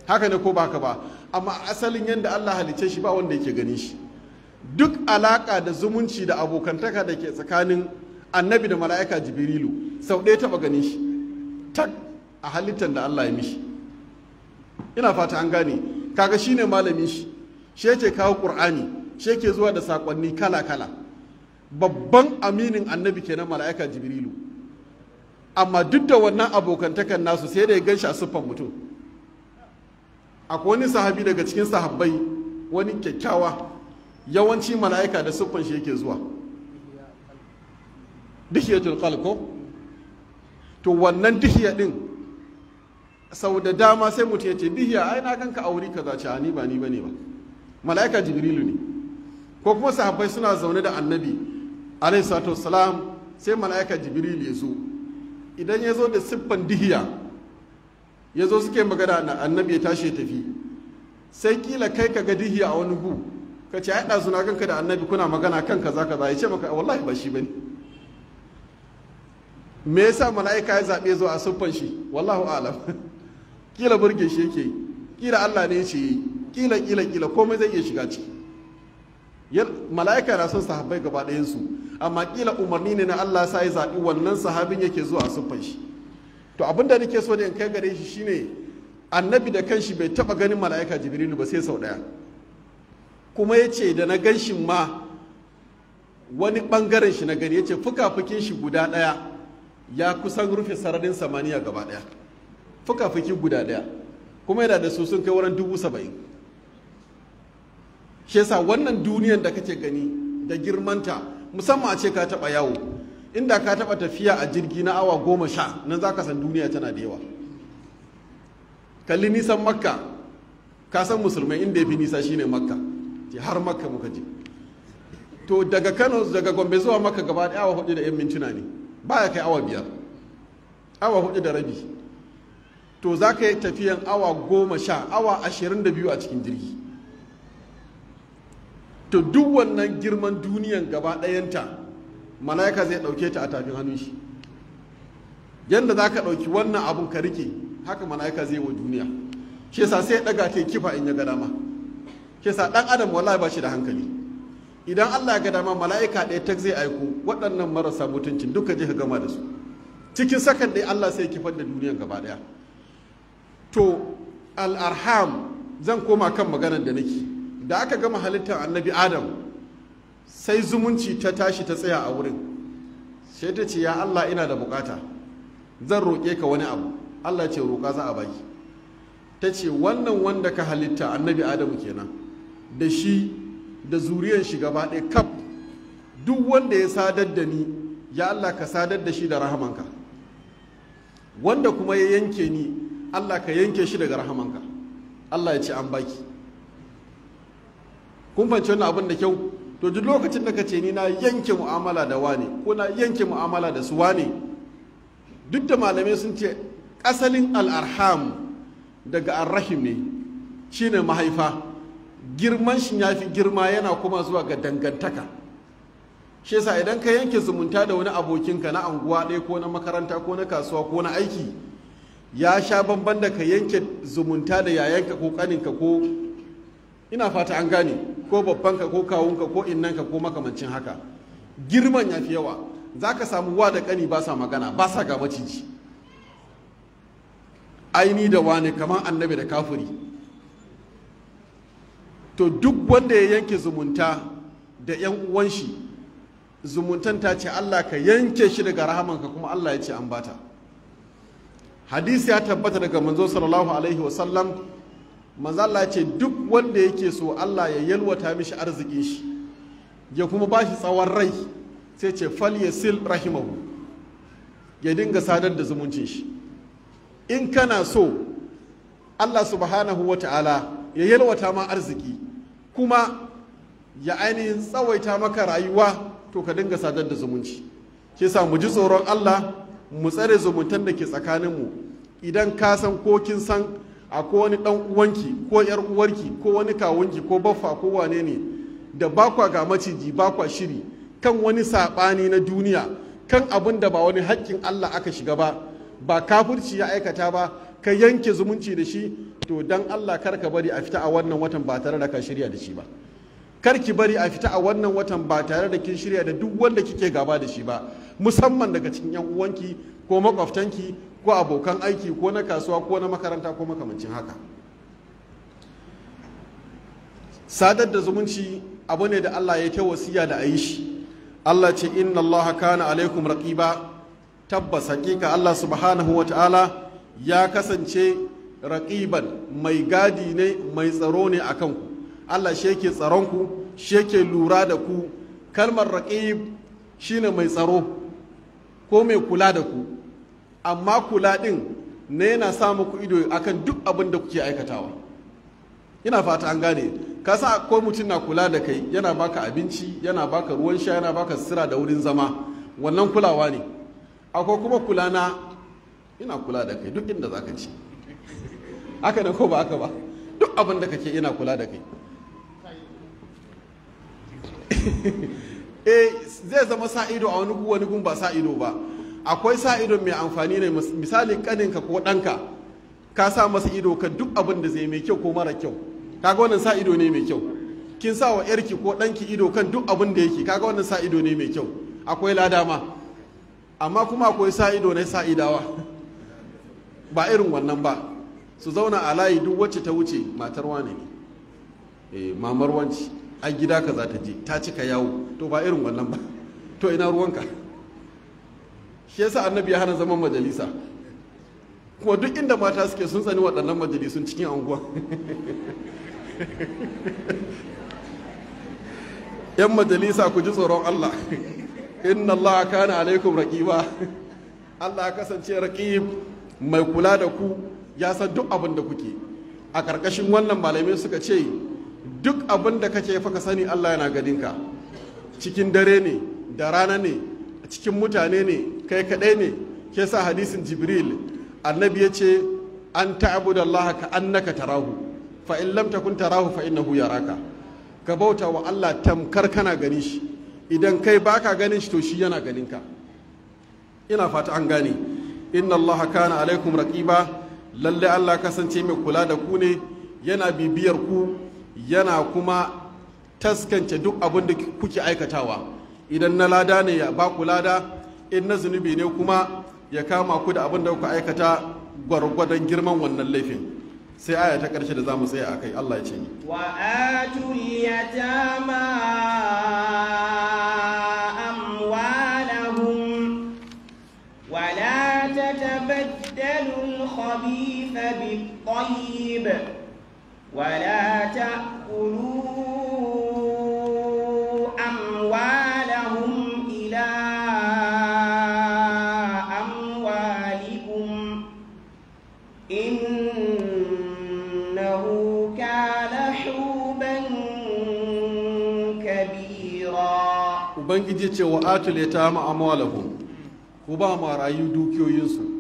haka ne ko ba ka ba amma asalin yadda allah halicce shi ba wanda yake ganin shi duk alaƙa da zumunci da abokantaka da ke tsakanin annabi da mala'ika jibrilu sau ɗaya taɓa ganin shi tak a halittar da allah ya mishi ina fata an gane kaga shi ne malamin shi shi yake kawo ƙur'ani shi yake zuwa da saƙonni kala kala babban aminin annabi kenan mala'ika jibrilu amma duk da wannan abokantakan nasu sai da ya gan shi a siffan mutum akwai wani sahabi daga cikin sahabbai wani kyakkyawa yawanci mala'ika da siffan shi yake zuwa dihiyatul qalqo ko to wannan dihiya din sau da dama sai mutum ya ce dihiya ai na kanka auri kaza ce ni ba ni bane ba mala'ika jibrilu ne ko kuma sahabbai suna zaune da annabi alaihi salatu wassalam sai mala'ika Jibril ya zo idan ya zo da siffan dihiya ya zo suke magana annabi ya tashi ya tafi sai kila kai ka ga dihiya a wani gu ka ce ai suna na kanka da annabi kuna magana kan kaza kaza ya ce maka wallahi ba shi bane me yasa mala'ika ya zaɓe zuwa a siffan shi wallahu alam kila <laughs> burge shi yake kila Allah ne ce kila kila kila komai zai iya shiga ciki mala'ika na son sahabbai gaba ɗayansu amma kila umarni ne na Allah sa ya zaɓi wannan sahabin yake zuwa a siffan shi to abin da nake so ne in kai gare shi shine annabi da kanshi bai taɓa ganin mala'ika jibrilu ba sai sau ɗaya kuma ya ce da na gan shi ma wani bangaren shi na gani ya ce fukafukin shi guda ɗaya ya kusan rufe sararin samaniya gaba ɗaya fukafuki guda ɗaya kuma yana da su sun kai wurin dubu saba'in shi yasa wannan duniyan da kake gani da girmanta musamman a ce ka taba yawo inda ka taba tafiya a jirgi na awa goma sha nan za ka san duniya tana da yawa kalli nisan makka ka san musulmai inda ya fi nisa ne makka ce har makka muka je to daga kano daga gombe zuwa makka gaba da awa hudu da yan mintuna ne ba ya kai awa biyar awa hudu da rabi to za ka yi tafiyan awa goma sha awa ashirin da biyu a cikin jirgi to duk wannan girman duniyan gaba ɗayanta mala'ika zai ɗauke ta a tafin hannun shi yadda za ka ɗauki wannan abun ka rike haka mala'ika zai wa duniya shi yasa sai ɗaga ta kifa in ya ga dama ke sa dan adam wala ba shi da hankali idan Allah ya ga dama mala'ika ɗaya tak zai aiko waɗannan marasa mutuncin duka je ka gama da su cikin sakan ɗaya Allah sai kifar da duniyan gaba ɗaya to al'arham zan koma kan maganar da nake da aka gama halittar annabi adam sai zumunci ta tashi ta tsaya a wurin sai ta ce ya Allah ina da bukata zan roƙe ka wani abu Allah ce roƙa za a baki ta ce wannan wanda ka halitta annabi adamu kenan da shi da zuriyar shi gaba ɗaya kaf duk wanda ya sadar da ni ya Allah ka sadar da shi da rahamanka wanda kuma ya yanke ni Allah ka yanke shi daga rahamanka Allah ya ce an baki kun fahimci wannan abin da kyau to duk lokacin da ka ce ni na yanke mu'amala da wane ko na yanke mu'amala da su wane duk da malamai sun ce asalin al'arham daga arrahim ne shine mahaifa girman shi ya fi girma yana kuma zuwa ga dangantaka shi yasa idan ka yanke zumunta da wani abokinka na anguwa ɗaya ko na makaranta ko na kasuwa ko na aiki ya sha bamban da ka yanke zumunta da yayanka ko kaninka ko ina fata an gane ko babbanka ko kawunka ko innanka ko makamancin haka girman ya fi yawa za ka samu wa da kani ba sa magana ba sa ga maciji aini da wani kamar annabi da kafuri. to duk wanda ya yanke zumunta da 'yan uwan shi zumuntan ta ce Allah ka yanke shi daga ka kuma Allah ya ce an bata hadisi ya tabbata daga manzo sallallahu alaihi wasallam manzo Allah ya ce duk wanda yake so Allah ya yalwata mishi arzikin shi ya kuma ba shi tsawon rai sai ce fal yasil rahimahu ya dinga sadar da zumuncin shi in kana so Allah subhanahu wa ta'ala ya yalwata ma arziki kuma ya ainihin tsawaita maka rayuwa to ka dinga sadar da zumunci ke sa mu ji tsoron Allah mu tsare zumuntan da ke tsakaninmu idan ka san ko kin san a ko wani dan uwanki ko yar uwarki ko wani kawunki ko baffa ko wane ne da bakwa ga maciji bakwa shiri kan wani sabani na duniya kan abin da ba wani haƙƙin Allah aka shiga ba ba kafirci ya aikata ba ka yanke zumunci da shi to don Allah kar ka bari a fita a wannan watan ba tare da ka shirya da shi ba kar ki bari a fita a wannan watan ba tare da kin shirya da duk wanda kike gaba da shi ba musamman daga cikin yan uwanki ko makwabtanki ko abokan aiki ko na kasuwa ko na makaranta ko makamancin haka sadar da zumunci abu ne da Allah ya ta wasiya da a yi shi Allah ce inna Allah kana alaikum raqiba tabbas hakika Allah subhanahu wa ta'ala ya kasance raƙiban mai gadi ne mai tsaro ne a kanku allah shi yake tsaronku shi yake lura da ku kalmar raƙib shine mai tsaro ko mai kula da ku amma kula ɗin na yana sa muku ido akan duk abin da kuke aikatawa ina fata an gane ka sa akwai mutum na kula da kai yana baka abinci yana baka ruwan sha yana baka sira da wurin zama wannan kulawa ne akwai kuma kula na ina kula da kai duk inda za ka ci aka ne ko ba haka ba duk abin da kake ina kula da kai <laughs> eh zai zama sa'ido a wani wani gun ba sa'ido ba akwai sa'ido mai amfani ne misali kaninka ko ɗanka ka sa masa ido ka duk abin da zai mai kyau ko mara kyau kaga wannan sa'ido ne mai kyau kin sa wa yarki ko ɗanki ido kan duk abin da yake kaga wannan sa'ido ne mai kyau akwai lada ma amma kuma akwai sa'ido na sa'idawa. <laughs> ba irin wannan ba su zauna a layi duk wacce ta wuce matar wane ne eh, mamar wanci a gida ka za ta je ta cika yawo to ba irin wannan ba <laughs> to ina ruwanka shi yasa annabi ya hana zaman majalisa kuma duk inda mata suke sun tsani waɗannan majalisun cikin anguwa <laughs> yan majalisa ku ji tsoron allah <laughs> inna allah kana alaikum raqiba allah kasance raqib mai kula da ku ya san duk abin da kuke a ƙarƙashin wannan malamai suka ce duk abin da kake faka sani Allah yana gadinka cikin dare ne da rana ne cikin mutane ne kai kaɗai ne ke sa hadisin jibril annabi ya ce an ta'abuda Allah ka annaka tarahu fa in lam takun tarahu fa innahu yaraka ka bauta wa Allah tamkar kana gani shi idan kai baka ganin shi to shi yana ganinka ina fata an gane inna allaha kana alaikum raqiba lalle allah kasance mai kula da ku ne yana bibiyar ku yana kuma taskance duk abin da kuke aikatawa idan na lada ne ya ba ku lada in na zunubi ne kuma ya kama ku da abin da kuka aikata gwargwadon girman wannan laifin sai aya ta karshe da za mu tsaya a kai allah ya ce ni wa atul yatama الخبيث بالطيب ولا تأكلوا أموالهم إلى أموالكم إنه كان حوبا كبيرا وبنجي جيتش وآتو اليتامى أموالهم وبامار أيو دوكيو يوسف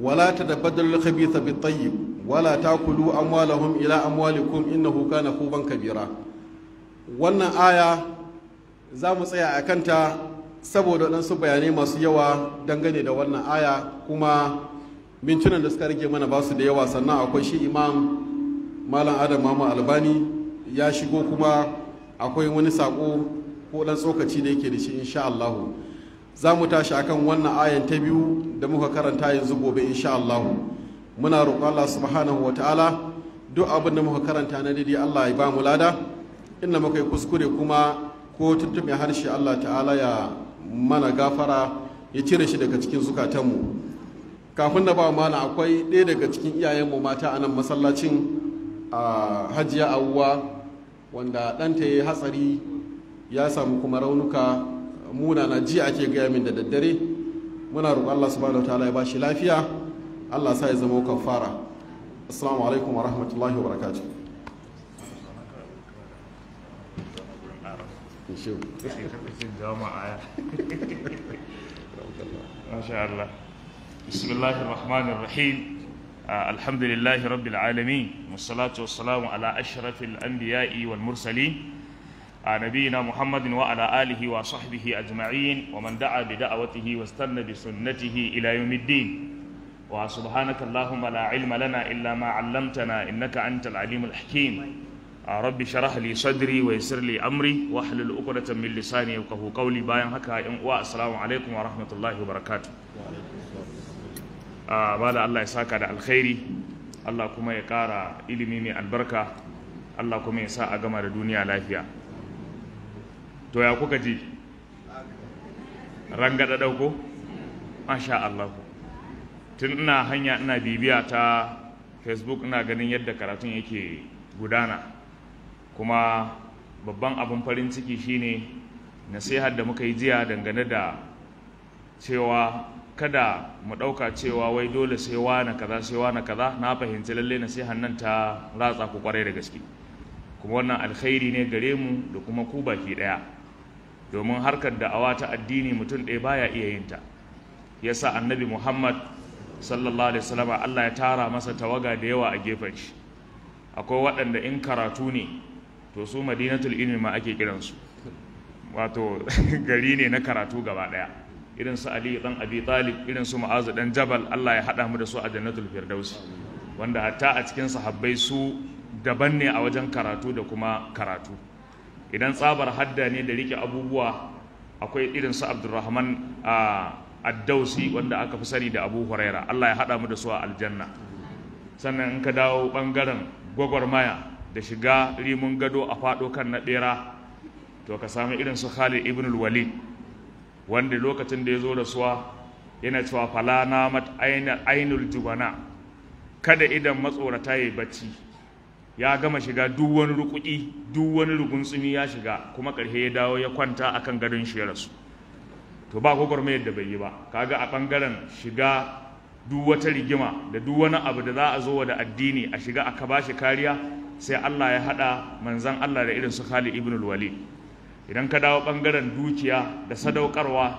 Wala ta da ولا an الخبيث بالطيب ولا تاكلوا اموالهم الى اموالكم انه كان خوبا Kabira. wannan aya za mu tsaya a kanta saboda waɗansu bayanai masu yawa dangane da wannan aya kuma mintunan da suka rage mana basu da yawa sannan akwai shi imam malam adam mama albani ya shigo kuma akwai wani saƙo ko ɗan tsokaci da yake da shi sha Allah. za mu tashi akan wannan ayan ta biyu da muka karanta yanzu gobe insha Allah muna roƙon Allah subhanahu wa ta'ala duk abin da muka karanta na daidai Allah ya ba mu lada inda muka yi kuskure kuma ko tuntum ya harshe Allah ta'ala ya mana gafara ya cire shi daga cikin zukatanmu kafin da ba mana akwai ɗaya daga cikin iyayenmu mata a nan masallacin a hajiya awuwa wanda ɗanta ya yi hatsari ya samu kuma raunuka munana jiya ake gaya min da daddare muna roƙon Allah subhanahu wa ta'ala ya bashi lafiya Allah sa ya zama kafara assalamu alaikum wa rahmatullahi wa barakatuh بسم الله الرحمن الرحيم الحمد لله رب العالمين والصلاة والسلام على أشرف الأنبياء والمرسلين نبينا محمد وعلى آله وصحبه أجمعين ومن دعا بدعوته واستنى بسنته إلى يوم الدين وسبحانك اللهم لا علم لنا إلا ما علمتنا إنك أنت العليم الحكيم رب شرح لي صدري ويسر لي أمري واحلل عقدة من لساني يفقه قولي باين هكا والسلام عليكم ورحمة الله وبركاته bala Allah ya saka da alkhairi Allah kuma ya ƙara ilimi mai albarka Allah kuma ya sa a gama da duniya lafiya to ya kuka ji rangada dauko masha Allah tun ina hanya ina bibiya ta facebook ina ganin yadda karatun yake gudana kuma babban abin farin ciki shine nasihar da muka yi jiya dangane da cewa kada mu ɗauka cewa wai dole sai na kaza sai na kaza na fahimci lalle nasihar nan ta ratsa ku kwarai da gaske kuma wannan alkhairi ne gare mu da kuma ku baki ɗaya domin harkar da awa ta addini mutum ɗaya baya iya yin ta yasa annabi muhammad sallallahu alaihi wasallam Allah ya tara masa tawaga da yawa a gefen shi akwai waɗanda in karatu ne to su madinatul ilmi ma ake kiransu wato <laughs> gari ne na karatu gaba ɗaya irin su ali dan abi talib irin su mu'azu dan jabal Allah ya haɗa mu da su a jannatul firdausi wanda hatta a cikin sahabbai su daban ne a wajen karatu da kuma karatu idan tsabar hadda ne da rike abubuwa akwai irin su abdurrahman addausi wanda aka fi sani da abu huraira allah ya haɗa mu da su a aljanna sannan in ka dawo ɓangaren gwagwarmaya da shiga rimun gado a faɗo kan na ɗera to ka sami irin su khalid ibn al-Wali. wanda lokacin da ya zo da suwa yana cewa fala na mat ainul jubana kada idan matsorata ya yi bacci ya gama shiga duk wani rukuɗi duk wani rugunsumi ya shiga kuma ƙarshe ya dawo ya kwanta akan gadon shi ya rasu to ba gwagwarmayar yadda bai yi ba kaga a ɓangaren shiga duk wata rigima da duk wani abu da za a zo da addini a shiga aka ba shi kariya sai Allah ya haɗa manzan Allah da irin su Khalid ibn al Walid idan ka dawo ɓangaren dukiya da sadaukarwa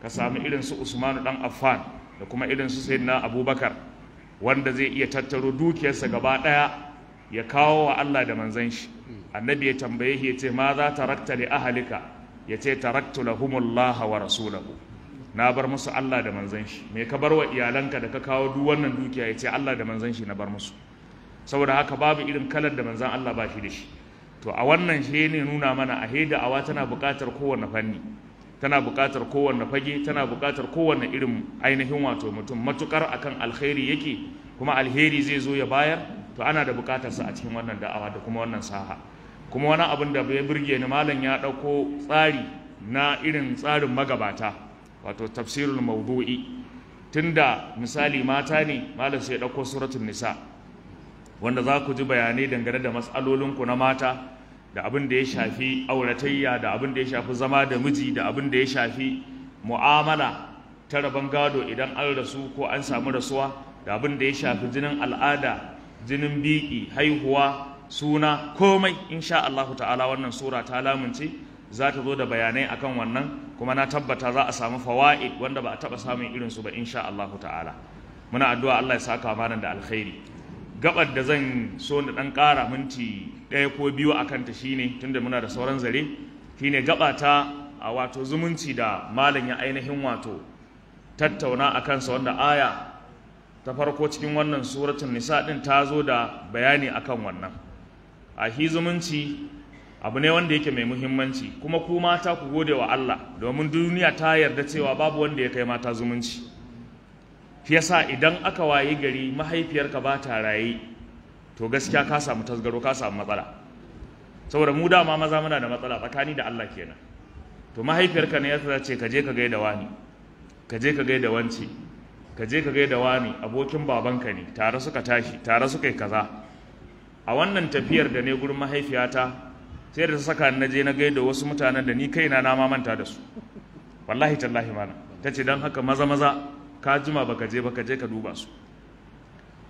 ka samu irin su Usmanu dan Affan da kuma irin su Sayyidina Abubakar wanda zai iya tattaro dukiyarsa gaba ɗaya ya kawo wa Allah da manzan shi annabi ya tambaye shi ya ce ma za rakta li ahalika ya ce taraktu lahumullah wa rasulahu na bar musu Allah da manzan shi me ka bar wa iyalanka da ka kawo duk wannan dukiya ya ce Allah da manzan shi na bar musu saboda haka babu irin kalar da manzan Allah ba shi da shi to a wannan shi ne nuna mana a heda awa tana buƙatar kowanne fanni tana buƙatar kowanne fage tana buƙatar kowanne irin ainihin wato mutum matukar akan alkhairi yake kuma alheri zai zo ya bayar to ana da bukatar sa a cikin wannan da'awa da kuma wannan saha kuma wani abin da bai burge ni malam ya dauko tsari na irin tsarin magabata wato tafsirul mawdu'i tunda misali mata ne malam sai ya dauko suratul nisa wanda za ku ji bayanai dangane da matsalolin ku na mata da abin da ya shafi auratayya da abin da ya shafi zama da miji da abin da ya shafi mu'amala ta rabon gado idan an rasu ko an samu rasuwa da abin da ya shafi jinin al'ada jinin biki haihuwa suna komai insha Allahu ta'ala wannan sura ta lamunce za ta zo da bayanai akan wannan kuma na tabbata za a samu fa'wa'i wanda ba a taba samun irin su ba insha Allahu ta'ala muna addu'a Allah ya saka mana da alkhairi gabar da zan so na ɗan ƙara minti ɗaya ko biyu a kanta shi shine tunda muna da sauran zare shine gaba ta a wato zumunci da malam ya ainihin wato tattauna a kansa wanda aya ta farko cikin wannan suratun nisa ɗin ta zo da bayani akan wannan a hizumunci abu ne wanda yake mai muhimmanci kuma ku mata ku gode wa Allah domin duniya ta yarda cewa babu wanda ya kai mata zumunci shi yasa idan aka waye gari mahaifiyarka ba ta raye to gaskiya ka samu tasgaro ka samu matsala saboda mu dama maza muna da matsala tsakani da Allah kenan to mahaifiyarka ne ya ce ka je ka gaida wani ka je ka gaida wance ka je ka gaida wani abokin babanka ne tare suka tashi tare suka yi kaza a wannan tafiyar da ne gurin mahaifiyata sai da ta saka na je na gaida wasu mutanen da ni kaina na ma manta da su wallahi tallahi mana ta ce don haka maza maza ka jima baka je baka je ka duba su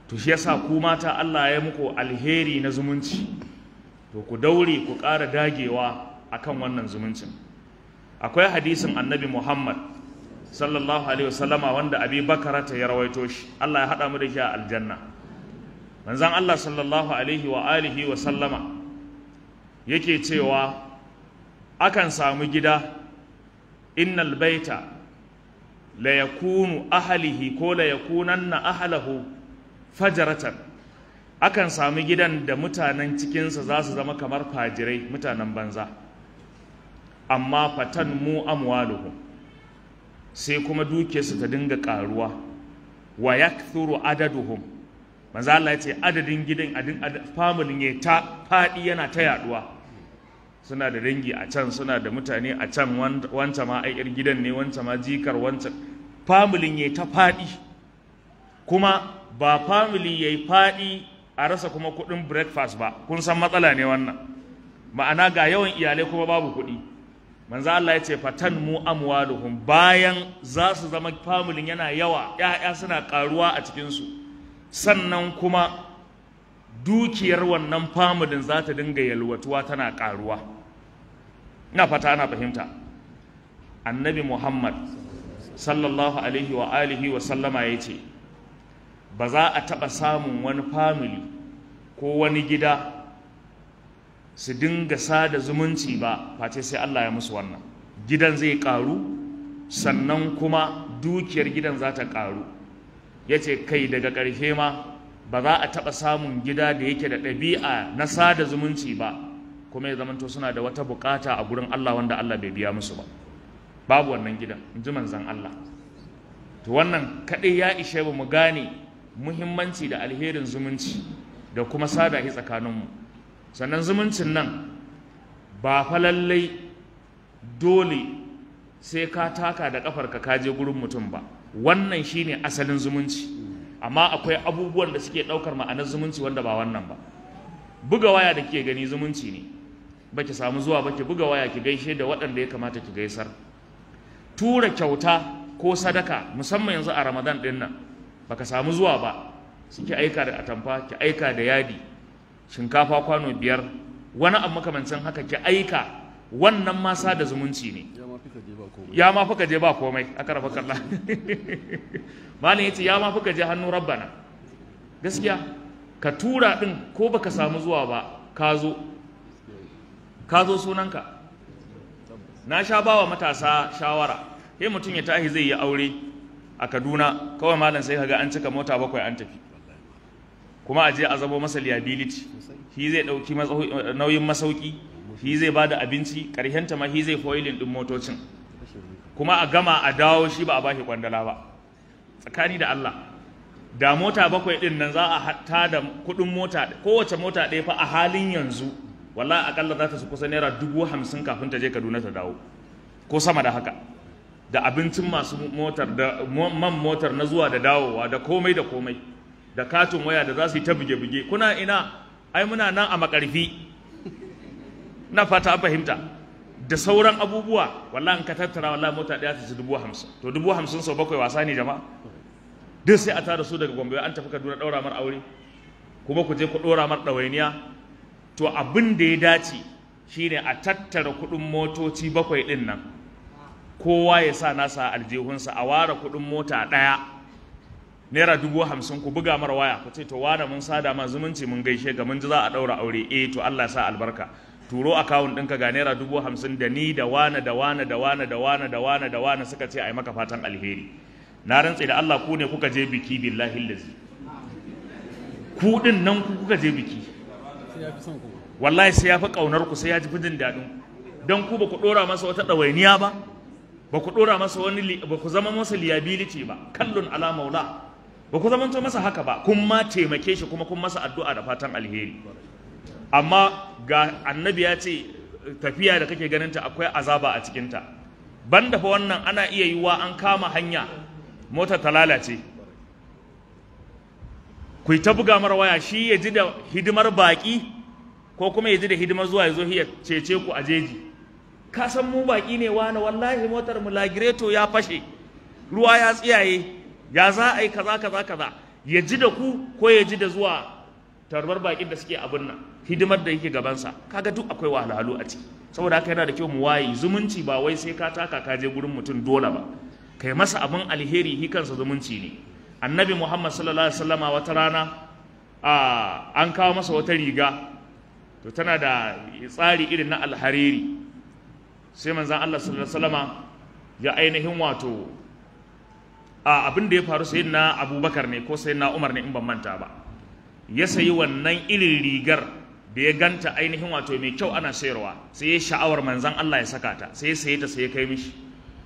to shi yasa ku mata Allah ya muku alheri na zumunci to ku daure ku ƙara dagewa akan wannan zumuncin akwai hadisin annabi Muhammad sallallahu alaihi wasallama wanda abi bakara ta ya rawaito shi Allah ya hada mu da shi a aljanna manzon Allah sallallahu alaihi wa alihi wasallama yake cewa akan samu gida innal baita la yakunu ahlihi ko la yakunanna ahlahu fajaratan akan samu gidan da mutanen cikinsa za su zama kamar fajirai mutanen banza amma fatan mu amwaluhum sai kuma dukiyarsu ta dinga karuwa wa yakthuru adaduhum manzo Allah ya ce adadin gidan adin family ne ta fadi yana ta yaduwa suna da dangi a can suna da mutane a can wancan ma ai gidan ne wancan ma jikar wancan family ne ta fadi kuma ba family yayi fadi a rasa kuma kudin breakfast ba kun san matsala ne wannan ma'ana ga yawan iyalai kuma babu kuɗi manzo Allah ya ce fatan mu amwaluhum bayan za su zama familin yana yawa ƴaƴa suna karuwa a cikin su sannan kuma dukiyar wannan familin za ta dinga yalwatuwa tana karuwa ina fata ana fahimta annabi Muhammad sallallahu alaihi wa alihi wa sallama ya ce ba za a taɓa samun wani famili ko wani gida su dinga sada zumunci ba face sai Allah ya musu wannan gidan zai karu sannan kuma dukiyar gidan za ta karu ya ce kai daga ƙarshe ma ba za a taɓa samun gida da yake da ɗabi'a na sada zumunci ba kuma ya zamanto suna da wata bukata a gurin Allah wanda Allah bai biya musu ba babu wannan gidan in ji manzan Allah to wannan kaɗai ya ishe ba mu gane muhimmanci da alherin zumunci da kuma sada hi tsakaninmu sannan zumuncin nan ba falallai dole sai ka taka da kafarka ka je gurin mutum ba wannan shine asalin zumunci amma akwai abubuwan da suke daukar ma'anar zumunci wanda ba wannan ba buga waya da ke gani zumunci ne baki samu zuwa baki buga waya ki gaishe da waɗanda ya kamata ki gaisar tura kyauta ko sadaka musamman yanzu a Ramadan ɗin nan baka samu zuwa ba ki aika da atamfa ki aika da yadi shinkafa kwano biyar wani abu makamancin haka ki aika wannan ma da zumunci ne ya ma fuka je ba komai aka rafa kalla <laughs> malam yace ya ma fuka je hannu rabbana gaskiya ka tura din ko baka samu zuwa ba ka zo ka zo sunanka na sha bawa matasa shawara sai mutum ya tahi zai yi aure a Kaduna kawai malam sai ka ga an cika mota bakwai an tafi kuma a je a zabo masa liability shi zai ɗauki nauyin masauki shi zai bada abinci. abinci karhenta ma shi zai foilin din motocin kuma a gama a dawo shi ba a ba shi kwandala ba tsakani da Allah da mota bakwai din nan za a hatta da kudin mota kowace mota ɗaya fa a halin yanzu walla akalla za ta su kusa naira dubu hamsin kafin ta je kaduna ta dawo ko sama da haka da abincin masu motar da man motar na zuwa da dawowa da komai da komai da katin waya da za su yi ta buge-buge kuna ina ai muna nan a makarfi na fata fahimta da sauran abubuwa wallahi an ka tattara wallahi mota daya ta ci dubu hamsin to dubu hamsin sau bakwai wasa ne jama'a duk sai a tara su daga gombe an tafi kaduna ɗaura mar aure kuma ku je ku ɗora mar ɗawainiya to abin da ya dace shine a tattara kuɗin motoci bakwai ɗin nan kowa ya sa nasa aljihunsa a ware kuɗin mota ɗaya naira dubu hamsin ku buga mara waya ku ce to wada mun sada ma zumunci mun gaishe ga mun ji za a ɗaura aure eh to Allah sa albarka turo akawun ɗinka ga naira dubu hamsin da ni da wana da wana da wana da wana da wana da wana suka ce ai maka fatan alheri na rantse da Allah ku ne kuka je biki billahi lazi ku din nan ku kuka je biki wallahi sai ya fi ƙaunar ku sai ya ji fidin daɗin Dan ku ba ku ɗora masa wata dawainiya ba ba ku ɗora masa wani ba ku zama masa liability ba kallon ala maula ba ku zamanto masa haka ba kun ma taimake shi kuma kun masa addu'a da fatan alheri amma ga annabi ya ce tafiya da kake ganin ta akwai azaba a cikin ta banda wannan ana iya wa an kama hanya mota ta lalace ku ta buga mara waya shi ya ji da hidimar baƙi, ko kuma ya ji da hidimar zuwa ya zo ya cece ku a jeji ka san mu baki ne wani wallahi motar mu lagireto ya fashe ruwa ya tsiyaye ya za a yi kaza kaza kaza ya ji da ku ko ya ji da zuwa tarbar baƙin da suke abin nan hidimar da yake gabansa kaga duk akwai wahalhalu a ciki saboda haka yana da kyau mu waye zumunci ba wai sai ka taka ka je gurin mutum dole ba kai masa abin alheri hi kansa zumunci ne annabi muhammad sallallahu alaihi wasallama wata rana an kawo masa wata riga to tana da tsari irin na alhariri sai manzan allah sallallahu alaihi wasallama ya ainihin wato abin da ya faru sai na abubakar ne ko sai na umar ne in ban manta ba ya sayi wannan irin rigar da ya ganta ainihin wato mai kyau ana sayarwa sai ya sha'awar manzan Allah ya saka ta sai ya sayi ta sai ya kai mishi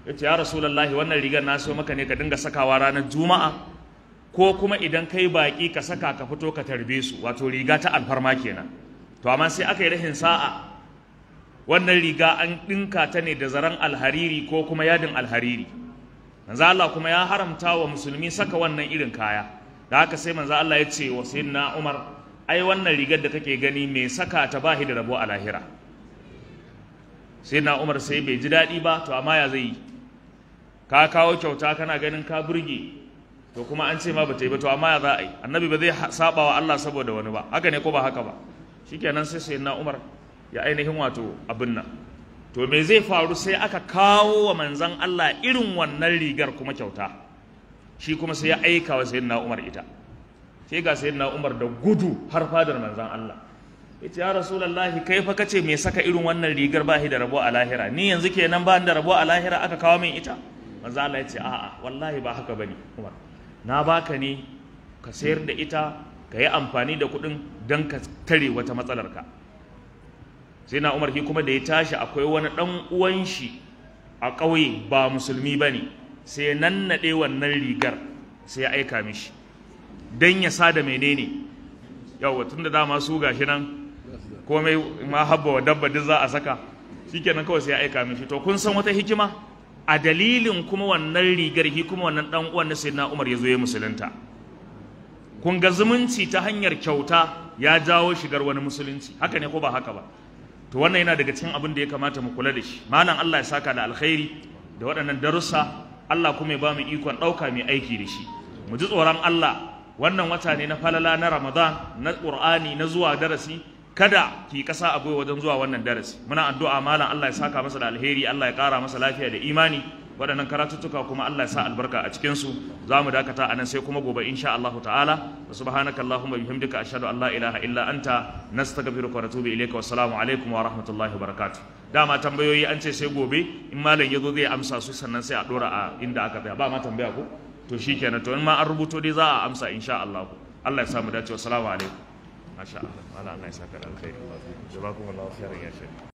ya ce ya rasulullahi wannan rigar na sayo maka ne ka dinga sakawa ranar juma'a ko kuma idan kai baki ka saka ka fito ka tarbe su wato riga ta alfarma kenan to amma sai aka yi rahin sa'a wannan riga an ɗinka ta ne da zaren alhariri ko kuma yadin alhariri manzo Allah kuma ya haramta wa musulmi saka wannan irin kaya da haka sai manza Allah ya ce wa sayyidina Umar ai wannan rigar da kake gani mai saka ta bahi da rabo a lahira sayyidina Umar sai bai ji dadi ba to amma ya zai ka kawo kyauta kana ganin ka burge to kuma an ce ma ba yi ba to amma ya za a yi annabi ba zai saba wa Allah saboda wani ba haka ne ko ba haka ba shikenan sai sayyidina Umar ya ainihin wato abin nan to me zai faru sai aka kawo wa manzan Allah irin wannan rigar kuma kyauta shi kuma sai ya aika wa sayyidina Umar ita sai ga sayyidina Umar da gudu har fadar manzan Allah yace ya rasulullahi kai fa kace me saka irin wannan rigar bahi da rabo a lahira ni yanzu kenan ba da rabo a lahira aka kawo min ita manzan Allah yace a'a wallahi ba haka bane Umar na baka ne ka sayar da ita ka yi amfani da kuɗin don ka tare wata matsalarka sai na umar shi kuma da ya tashi akwai wani ɗan uwan shi a ƙauye ba musulmi ba ne sai nannaɗe wannan rigar sai ya aika mishi don ya sada menene yau tun da dama su gashi nan komai ma habba wa dabba duk za a saka shikenan kawai sai ya aika mishi to kun san wata hikima a dalilin kuma wannan rigar shi kuma wannan dan uwan na sayyidina Umar ya zo ya musulunta kun ga zumunci ta hanyar kyauta ya jawo shigar wani musulunci haka ne ko ba haka ba to wannan yana daga cikin abin da ya kamata mu kula da shi malam Allah ya saka da alkhairi da waɗannan darussa Allah kuma ya ba mu ikon ɗauka mai aiki da shi mu ji tsoron Allah wannan wata ne na falala na Ramadan na Qur'ani na zuwa darasi kada ki kasa a wajen zuwa wannan darasi muna addu'a malam Allah ya saka masa da alheri Allah ya ƙara masa lafiya da imani waɗannan karatuttuka kuma Allah ya sa albarka a cikin su za mu dakata anan sai kuma gobe insha Allah ta'ala wa subhanaka allahumma bihamdika ashhadu an la ilaha illa anta nastaghfiruka wa natubu ilayka assalamu alaikum wa rahmatullahi wa barakatuh dama tambayoyi an ce sai gobe in malam yazo zai amsa su sannan sai a dora a inda aka tsaya ba ma tambaya ko to shikenan to in ma an rubuto dai za a amsa insha Allah Allah ya samu dace assalamu alaikum masha Allah Allah ya saka الخير جزاكم الله خيرا يا